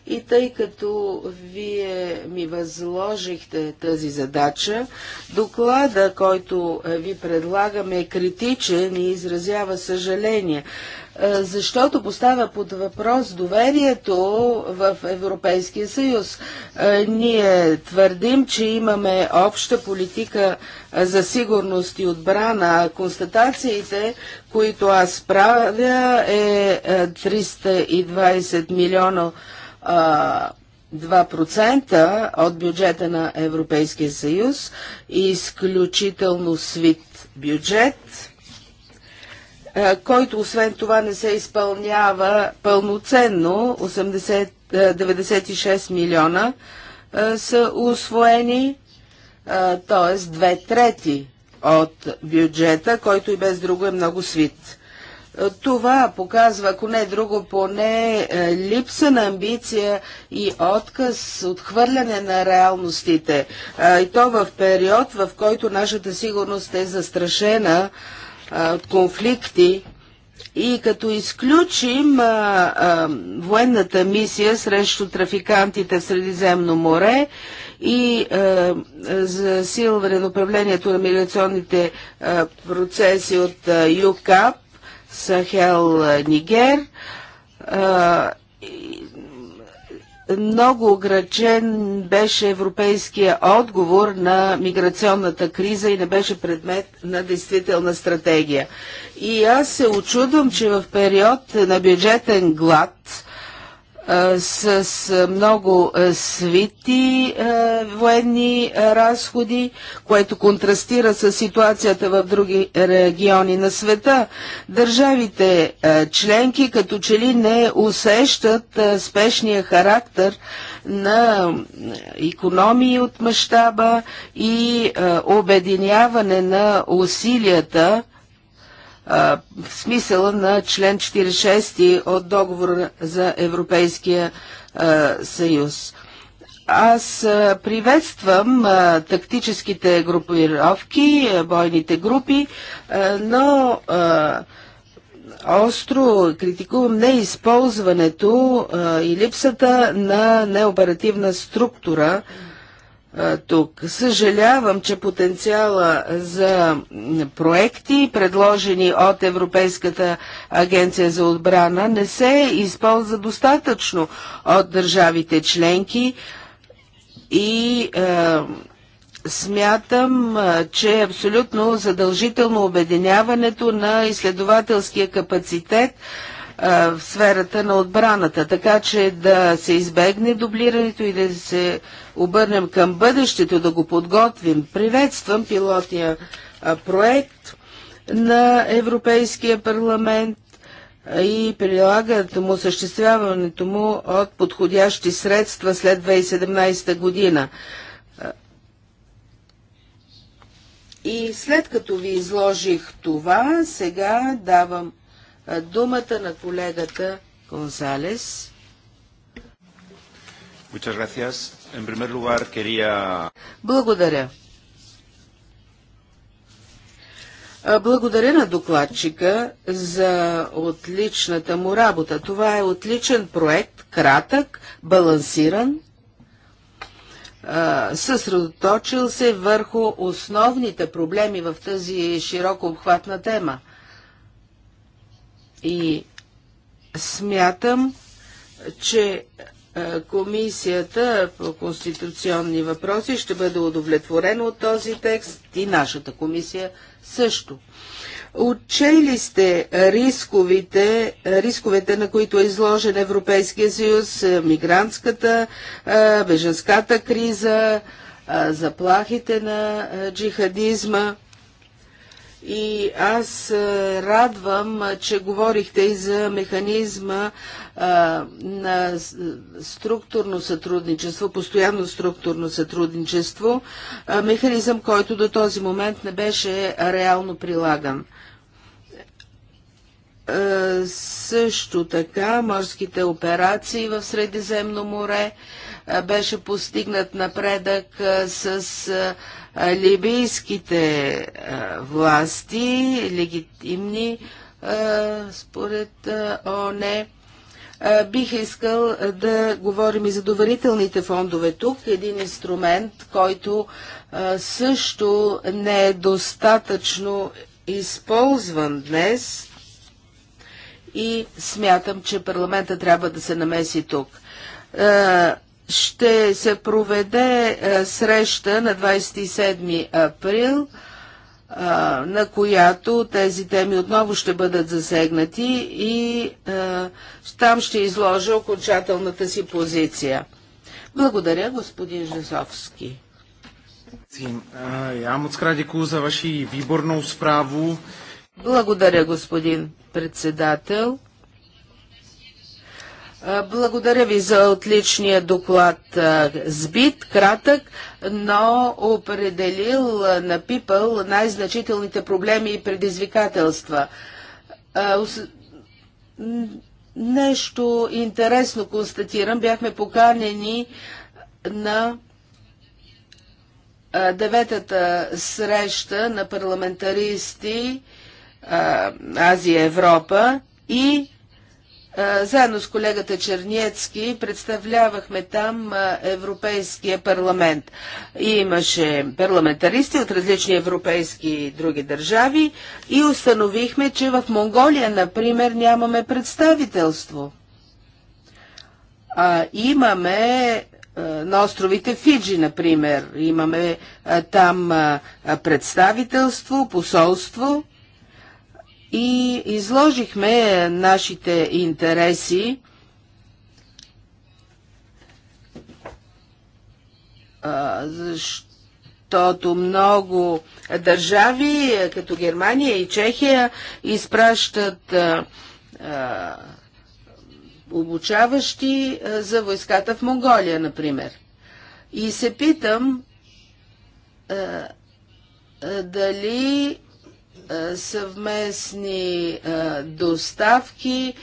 И тъй като вие ми възложихте тази задача, доклада, който ви предлагаме е критичен и изразява съжаление е, защото поставя под въпрос доверието в Европейския съюз. Е, ние твърдим, че имаме обща политика е, за сигурност и отбрана. Констатациите, които аз правя, е 320 милиона 2% от бюджета на Европейския съюз, изключително свит бюджет е, който освен това не се изпълнява пълноценно. 80, 96 е, милиона е, са освоени, т.е. две трети от бюджета, който и без друго е много свит. Това показва, ако не друго, поне липса на амбиция и отказ, отхвърляне на реалностите. И то в период, в който нашата сигурност е застрашена конфликти и като изключим а, а, военната мисия срещу трафикантите в Средиземно море и а, засилване на управлението на миграционните а, процеси от а, ЮКАП, Сахел, Нигер, а, много ограчен беше европейския отговор на миграционната криза и не беше предмет на действителна стратегия. И аз се очудвам, че в период на бюджетен глад с много свити военни разходи, което контрастира с ситуацията в други региони на света. Държавите членки като че ли не усещат спешния характер на економии от мащаба и обединяване на усилията в смисъла на член 46 от договора за Европейския а, съюз. Аз а, приветствам а, тактическите групировки, а, бойните групи, а, но а, остро критикувам неизползването а, и липсата на неоперативна структура а, тук. Съжалявам, че потенциала за проекти, предложени от Европейската агенция за отбрана, не се използва достатъчно от държавите членки и е, смятам, че е абсолютно задължително обединяването на изследователския капацитет в сферата на отбраната, така че да се избегне дублирането и да се обърнем към бъдещето, да го подготвим. Приветствам пилотния проект на Европейския парламент и прилагането му, съществяването му от подходящи средства след 2017 година. И след като ви изложих това, сега давам думата на колегата Гонсалес. Lugar, quería... Благодаря. Благодаря на докладчика за отличната му работа. Това е отличен проект, кратък, балансиран, съсредоточил се върху основните проблеми в тази широко обхватна тема – и смятам, че е, Комисията по конституционни въпроси ще бъде удовлетворена от този текст и нашата комисия също. Отчели сте рисковите, рисковете, на които е изложен Европейския съюз, е, мигрантската, е, беженската криза, заплахите на джихадизма. И аз радвам, че говорихте и за механизма на структурно сътрудничество, постоянно структурно сътрудничество, механизъм, който до този момент не беше реално прилаган. също така морските операции в Средиземно море, беше постигнат напредък с либийските власти, легитимни според ОНЕ. Бих искал да говорим и за доверителните фондове тук. Един инструмент, който също не е достатъчно използван днес и смятам, че парламента трябва да се намеси тук ще се проведе е, среща на 27 април, е, на която тези теми отново ще бъдат засегнати и е, там ще изложа окончателната си позиция. Благодаря, господин Жезовски. Já moc krát děkuji za vaši výbornou zprávu. Благодаря, господин председател. Благодаря ви за отличния доклад сбит, кратък, но определил, напипал най-значителните проблеми и предизвикателства. Нещо интересно констатирам. Бяхме поканени на деветата среща на парламентаристи Азия-Европа и заедно с колегата Черниецки представлявахме там Европейския парламент. И имаше парламентаристи от различни европейски и други държави и установихме, че в Монголия, например, нямаме представителство. А, имаме на островите Фиджи, например, имаме там представителство, посолство и изложихме нашите интереси. защото много държави, като Германия и Чехия, изпращат а, а, обучаващи за войската в Монголия, например. И се питам а, дали е, съвместни е, доставки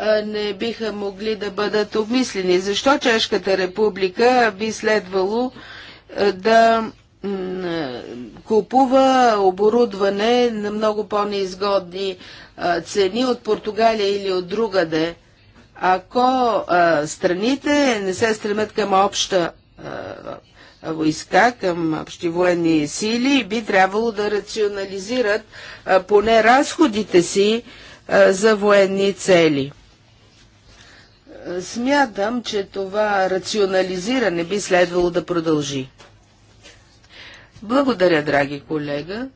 е, не биха могли да бъдат обмислени. Защо Чешката република би следвало да купува оборудване на много по-неизгодни цени от Португалия или от другаде, ако страните не се стремят към обща войска, към общи военни сили и би трябвало да рационализират поне разходите си за военни цели. Смятам, че това рационализиране би следвало да продължи. Благодаря, драги колега.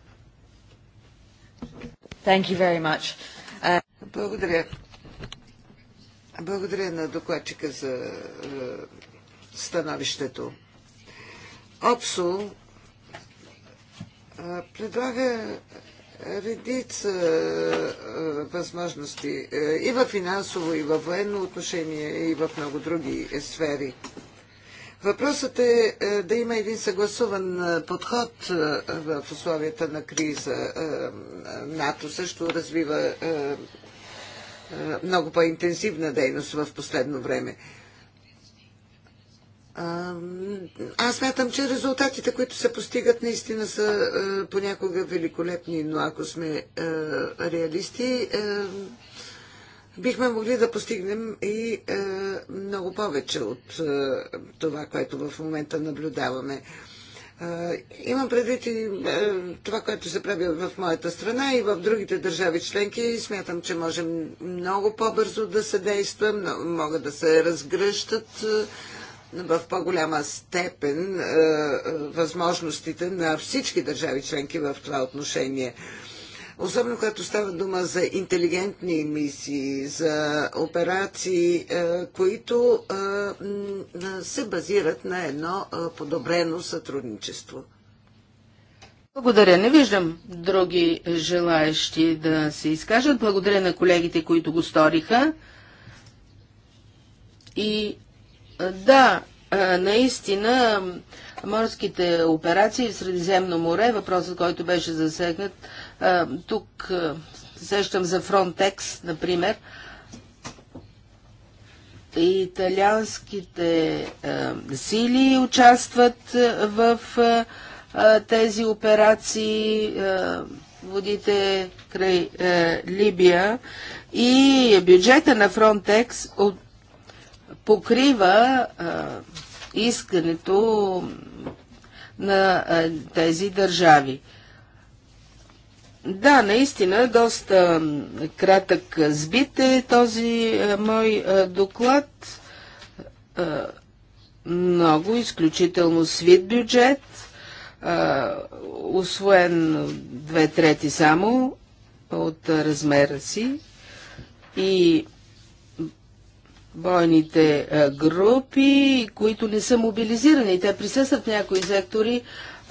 Thank you very much. Uh... Благодаря. Благодаря на докладчика за uh, становището. ОПСО предлага редица възможности и в финансово, и в военно отношение, и в много други сфери. Въпросът е да има един съгласуван подход в условията на криза. НАТО също развива много по-интензивна дейност в последно време. Аз мятам, че резултатите, които се постигат, наистина са понякога великолепни, но ако сме реалисти, бихме могли да постигнем и много повече от това, което в момента наблюдаваме. Имам предвид и това, което се прави в моята страна и в другите държави членки. Смятам, че можем много по-бързо да се действа, могат да се разгръщат в по-голяма степен е, е, възможностите на всички държави членки в това отношение. Особено когато става дума за интелигентни мисии, за операции, е, които е, се базират на едно е, подобрено сътрудничество. Благодаря. Не виждам други желаящи да се изкажат. Благодаря на колегите, които го сториха. И да, наистина морските операции в Средиземно море, въпросът, който беше засегнат, тук сещам за Frontex, например, италианските сили участват в тези операции, водите край Либия и бюджета на Frontex от покрива искането на тези държави. Да, наистина, доста кратък сбит е този мой доклад. много, изключително свит бюджет, освоен две трети само от размера си и бойните е, групи, които не са мобилизирани. Те присъстват в някои сектори,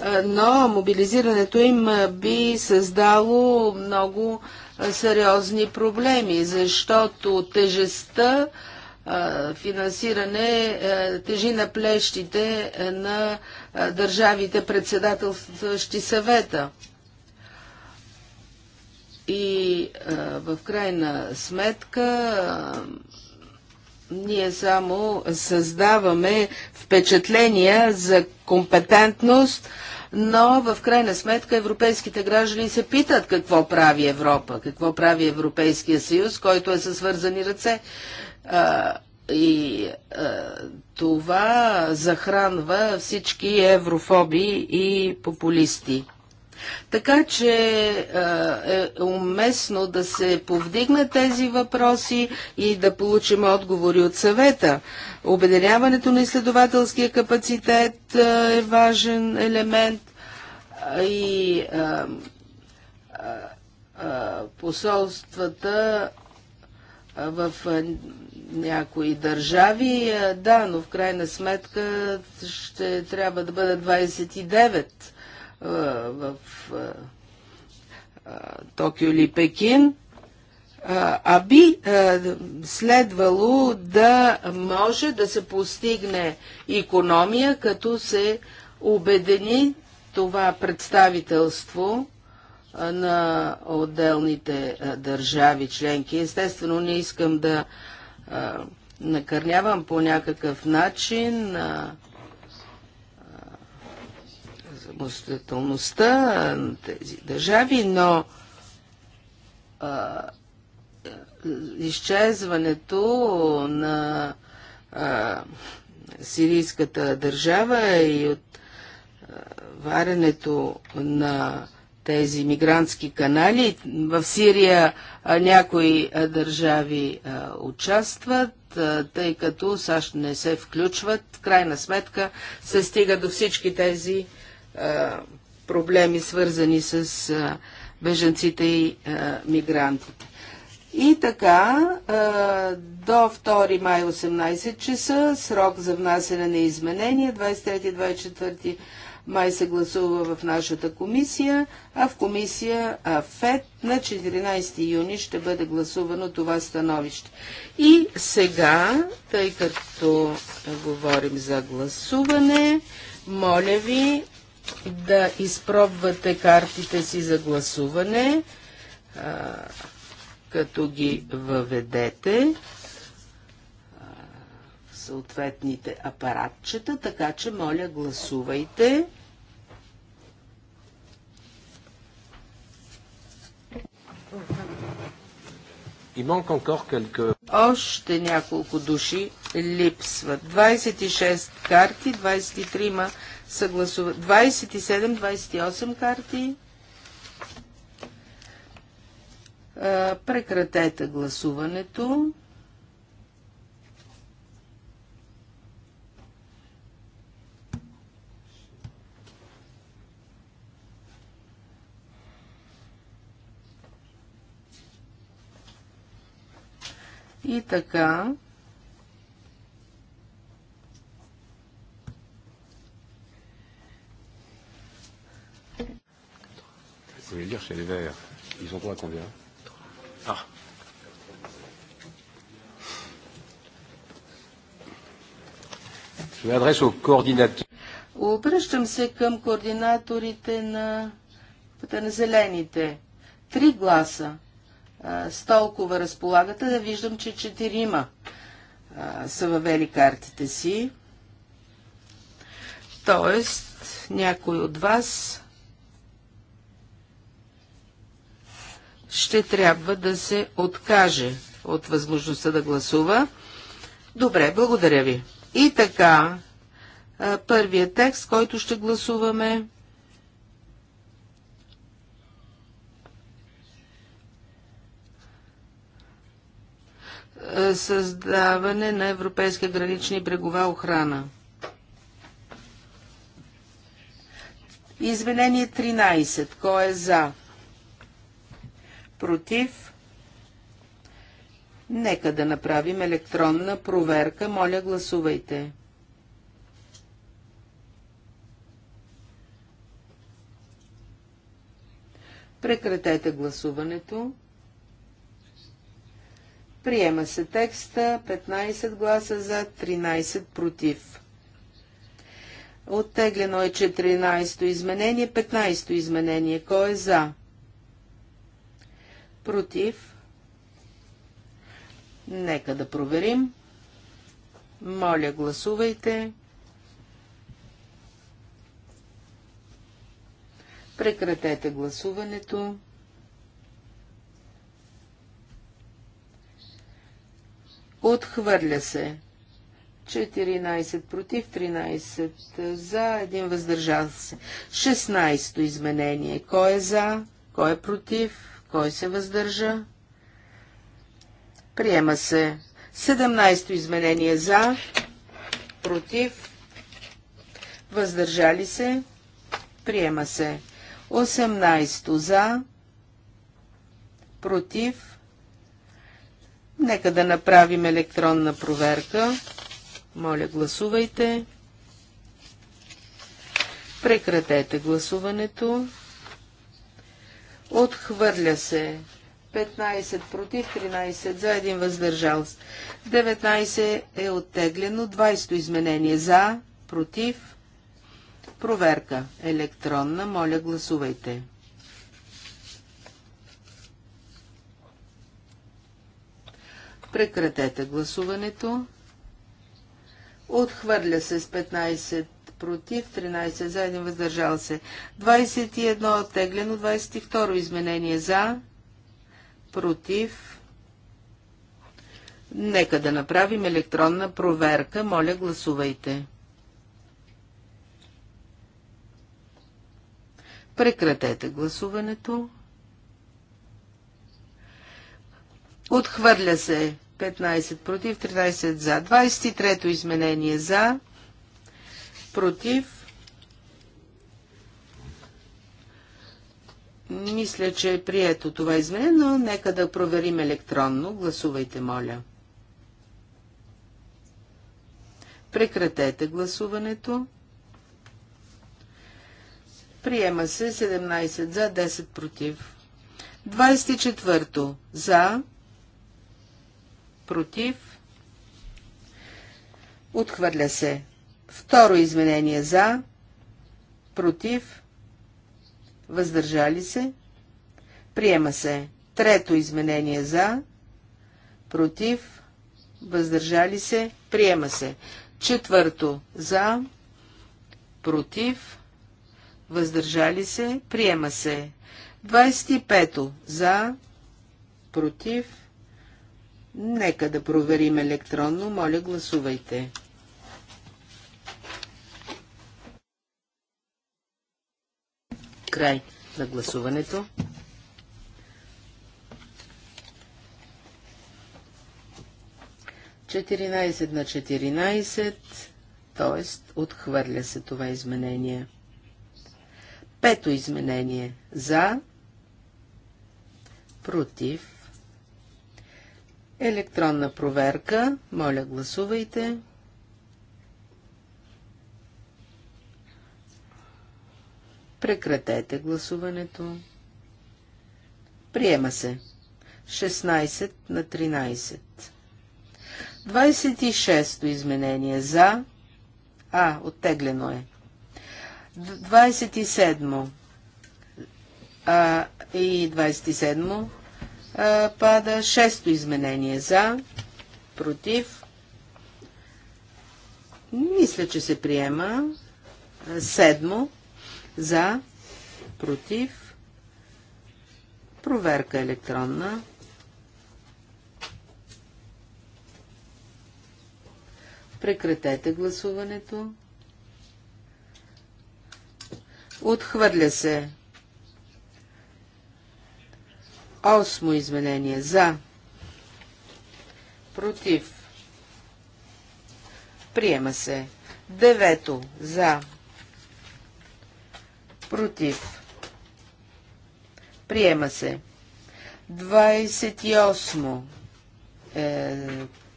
е, но мобилизирането им е, би създало много сериозни проблеми, защото тежестта финансиране тежи на плещите на държавите председателстващи съвета. И в крайна сметка ние само създаваме впечатления за компетентност, но в крайна сметка европейските граждани се питат какво прави Европа, какво прави Европейския съюз, който е със свързани ръце. А, и а, това захранва всички еврофоби и популисти. Така че е, е уместно да се повдигнат тези въпроси и да получим отговори от съвета. Обединяването на изследователския капацитет е, е важен елемент и е, посолствата в някои държави, да, но в крайна сметка ще трябва да бъдат 29 в Токио или Пекин, а би следвало да може да се постигне економия, като се обедени това представителство на отделните държави членки. Естествено, не искам да накърнявам по някакъв начин самостоятелността на тези държави, но а, изчезването на а, сирийската държава и от а, варенето на тези мигрантски канали. В Сирия а, някои а, държави а, участват, а, тъй като САЩ не се включват. В крайна сметка се стига до всички тези проблеми, свързани с беженците и мигрантите. И така, до 2 май 18 часа, срок за внасяне на изменения, 23-24 май се гласува в нашата комисия, а в комисия ФЕД на 14 юни ще бъде гласувано това становище. И сега, тъй като говорим за гласуване, моля ви да изпробвате картите си за гласуване, като ги въведете в съответните апаратчета, така че моля гласувайте. Il manque encore quelques... Още няколко души липсват. 26 карти, 23 ма са гласуват. 27, 28 карти. Прекратете гласуването. И така. Vous voulez dire chez les Verts, ils ont droit à combien Ah Je m'adresse aux coordinateurs. Обръщам се към координаторите на, на зелените. Три гласа с толкова разполагате, да виждам, че четирима са въвели картите си. Тоест, някой от вас ще трябва да се откаже от възможността да гласува. Добре, благодаря ви. И така, първият текст, който ще гласуваме Е, създаване на европейска гранична и брегова охрана. Изменение 13. Кой е за? Против? Нека да направим електронна проверка. Моля, гласувайте. Прекратете гласуването. Приема се текста 15 гласа за 13 против. Оттеглено е 14-то изменение, 15-то изменение. Кой е за? Против? Нека да проверим. Моля, гласувайте. Прекратете гласуването. Отхвърля се. 14 против, 13 за, 1 въздържал се. 16 изменение. Кой е за, кой е против, кой се въздържа? Приема се. 17 изменение за, против, въздържали се. Приема се. 18 за, против, Нека да направим електронна проверка. Моля, гласувайте. Прекратете гласуването. Отхвърля се. 15 против, 13 за, 1 въздържал. 19 е оттеглено, 20 изменение за, против. Проверка електронна. Моля, гласувайте. Прекратете гласуването. Отхвърля се с 15 против, 13 за, 1 въздържал се. 21 оттеглено, 22 изменение за, против. Нека да направим електронна проверка. Моля, гласувайте. Прекратете гласуването. Отхвърля се 15 против, 13 за. 23-то изменение за, против. Мисля, че е прието това изменение, но нека да проверим електронно. Гласувайте, моля. Прекратете гласуването. Приема се 17 за, 10 против. 24. За против, отхвърля се. Второ изменение за, против, въздържали се, приема се. Трето изменение за, против, въздържали се, приема се. Четвърто за, против, въздържали се, приема се. 25 за, против, Нека да проверим електронно. Моля, гласувайте. Край на гласуването. Четиринайсет на 14, т.е. отхвърля се това изменение. Пето изменение. За, против, Електронна проверка. Моля, гласувайте. Прекратете гласуването. Приема се. 16 на 13. 26-то изменение за. А, оттеглено е. 27 а, и 27 пада. Шесто изменение за, против. Мисля, че се приема. Седмо за, против. Проверка електронна. Прекратете гласуването. Отхвърля се Осмо изменение за. Против. Приема се. Девето за. Против. Приема се. 28 е,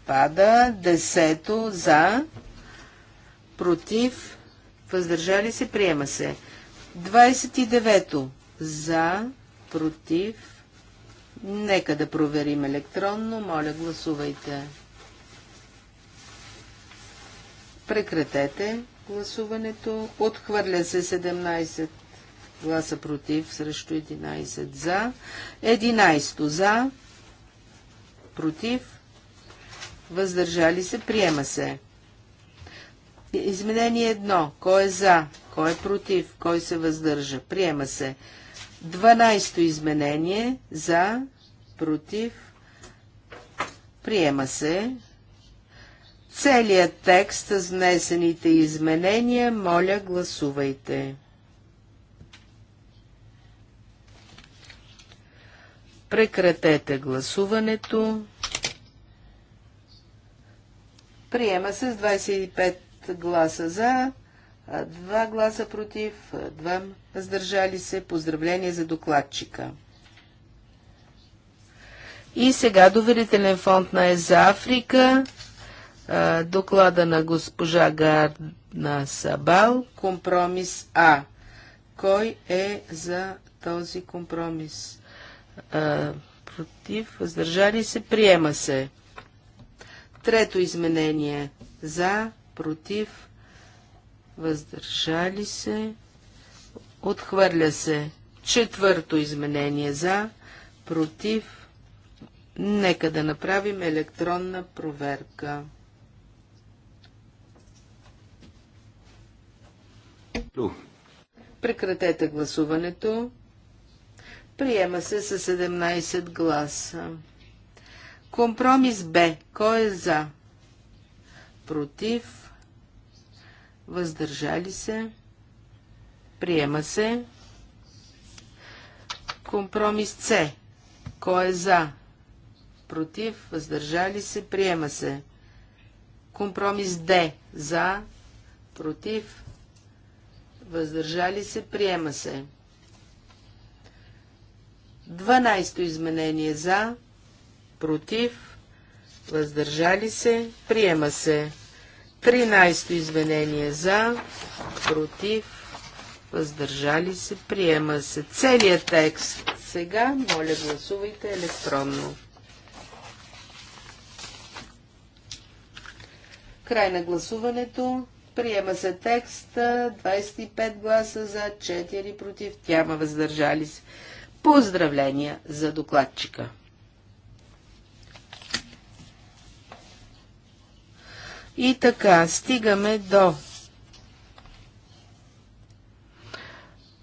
пада. Десето за. Против. Въздържали се. Приема се. 29 за. Против. Нека да проверим електронно. Моля, гласувайте. Прекратете гласуването. Отхвърля се 17 гласа против срещу 11 за. 11 за, против, въздържали се, приема се. Изменение 1. Кой е за? Кой е против? Кой се въздържа? Приема се. 12-то изменение за, против, приема се. Целият текст с внесените изменения, моля гласувайте. Прекратете гласуването. Приема се с 25 гласа за, Два гласа против, Два. въздържали се. Поздравление за докладчика. И сега доверителен фонд на Еза за Африка, доклада на госпожа Гарна Сабал, компромис А. Кой е за този компромис? Против, въздържали се, приема се. Трето изменение. За, против, въздържали се, отхвърля се. Четвърто изменение за, против. Нека да направим електронна проверка. Прекратете гласуването. Приема се с 17 гласа. Компромис Б. Кой е за? Против? въздържали се, приема се. Компромис С. Кой е за? Против, въздържали се, приема се. Компромис Д. За, против, въздържали се, приема се. 12 то изменение за, против, въздържали се, приема се. 13 извинение за, против, въздържали се, приема се. Целият текст сега, моля гласувайте електронно. Край на гласуването. Приема се текста. 25 гласа за, 4 против, тяма въздържали се. Поздравления за докладчика! И така, стигаме до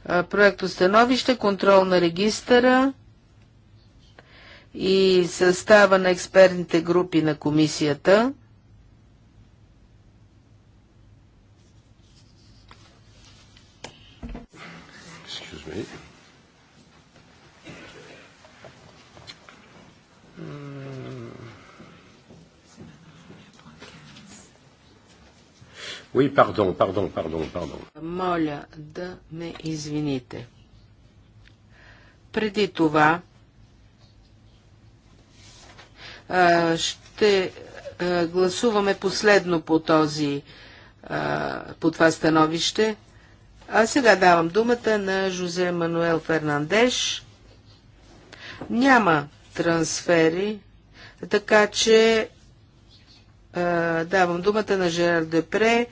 проекто становище, контрол на регистъра и състава на експертните групи на комисията. Oui, пардон, пардон, пардон, пардон. Моля да ме извините. Преди това ще гласуваме последно по този по това становище. А сега давам думата на Жозе Мануел Фернандеш. Няма трансфери, така че Давам думата на Жерар Депре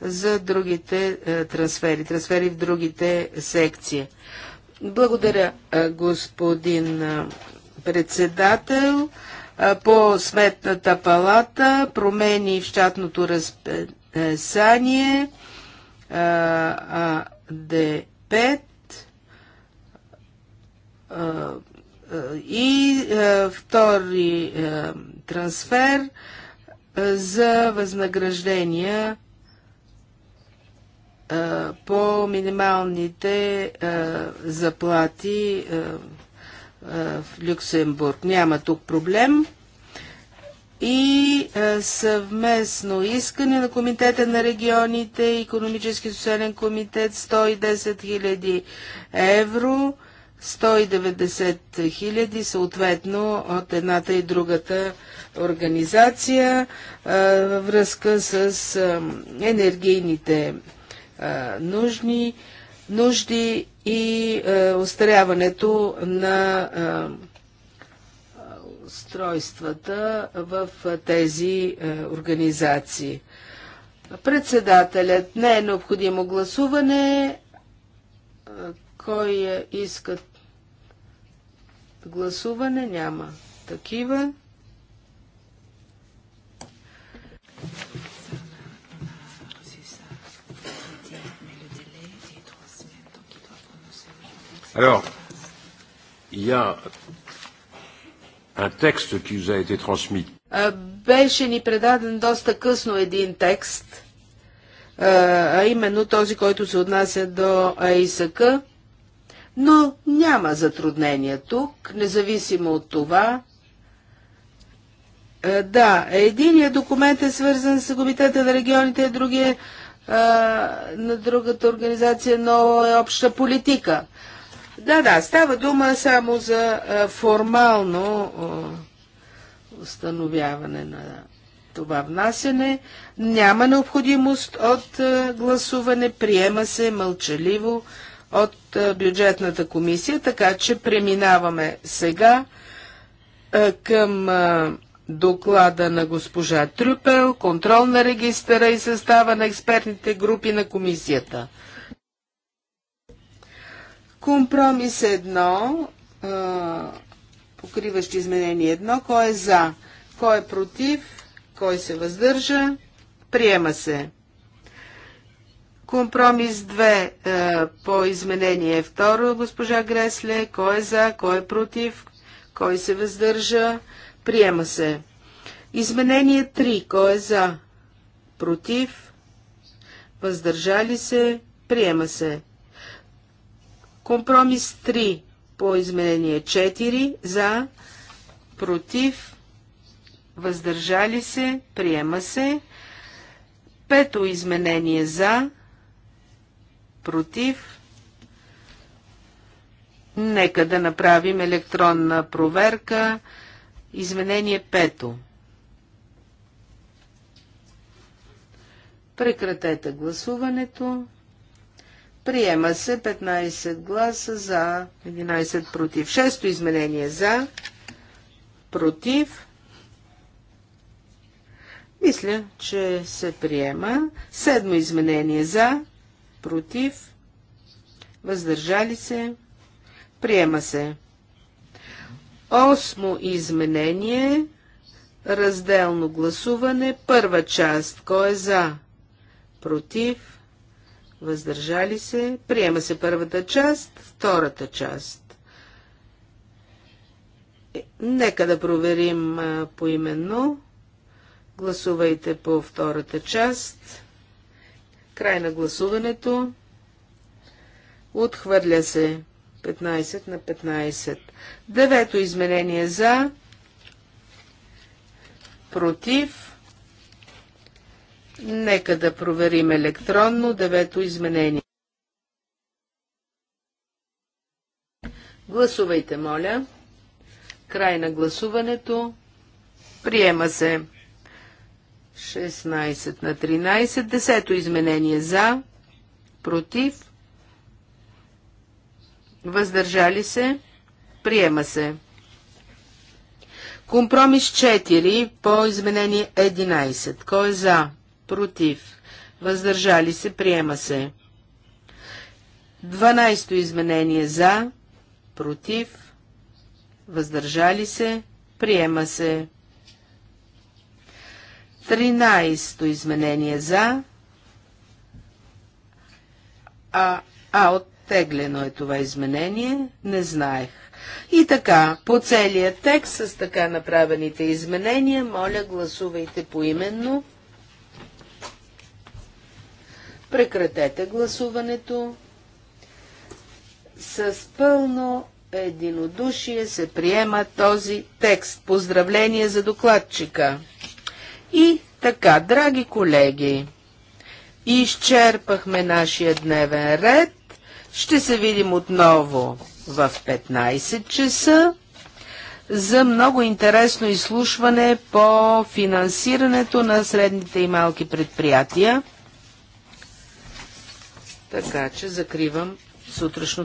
за другите трансфери, трансфери в другите секции. Благодаря, господин председател. По сметната палата промени в щатното разписание АД5 и втори трансфер – за възнаграждения по минималните заплати в Люксембург. Няма тук проблем. И съвместно искане на Комитета на регионите, Економически и социален комитет 110 000 евро, 190 000 съответно от едната и другата организация във връзка с енергийните нужни, нужди и устаряването на устройствата в тези организации. Председателят не е необходимо гласуване. Кой е искат гласуване? Няма такива. Alors, il y a un texte qui vous a été transmis. Е, беше ни предаден доста късно един текст, е, а именно този, който се отнася до АИСК, но няма затруднения тук, независимо от това. Е, да, единият документ е свързан с комитета на регионите, другия на другата организация, но е обща политика. Да, да, става дума само за формално установяване на това внасяне. Няма необходимост от гласуване, приема се мълчаливо от бюджетната комисия, така че преминаваме сега към доклада на госпожа Трюпел, контрол на регистъра и състава на експертните групи на комисията. Компромис 1, покриващи изменение едно. кой е за, кой е против, кой се въздържа, приема се. Компромис 2 по изменение второ, госпожа Гресле, кой е за, кой е против, кой се въздържа, приема се. Изменение 3, кой е за, против, въздържали се, приема се. Компромис 3 по изменение 4 за, против, въздържали се, приема се. Пето изменение за, против. Нека да направим електронна проверка. Изменение пето. Прекратете гласуването. Приема се 15 гласа за, 11 против. Шесто изменение за, против. Мисля, че се приема. Седмо изменение за, против, въздържали се, приема се. Осмо изменение, разделно гласуване, първа част, кой е за, против, въздържали се, приема се първата част, втората част. Е, нека да проверим поименно. Гласувайте по втората част. Край на гласуването. Отхвърля се 15 на 15. Девето изменение за, против, Нека да проверим електронно девето изменение. Гласувайте, моля. Край на гласуването. Приема се 16 на 13. Десето изменение за, против, въздържали се, приема се. Компромис 4 по изменение 11. Кой е за? против, въздържали се, приема се. 12 изменение за, против, въздържали се, приема се. 13 изменение за, а, а оттеглено е това изменение, не знаех. И така, по целия текст с така направените изменения, моля гласувайте поименно. Прекратете гласуването. С пълно единодушие се приема този текст. Поздравление за докладчика. И така, драги колеги, изчерпахме нашия дневен ред. Ще се видим отново в 15 часа за много интересно изслушване по финансирането на средните и малки предприятия. Така че закривам сутрешното.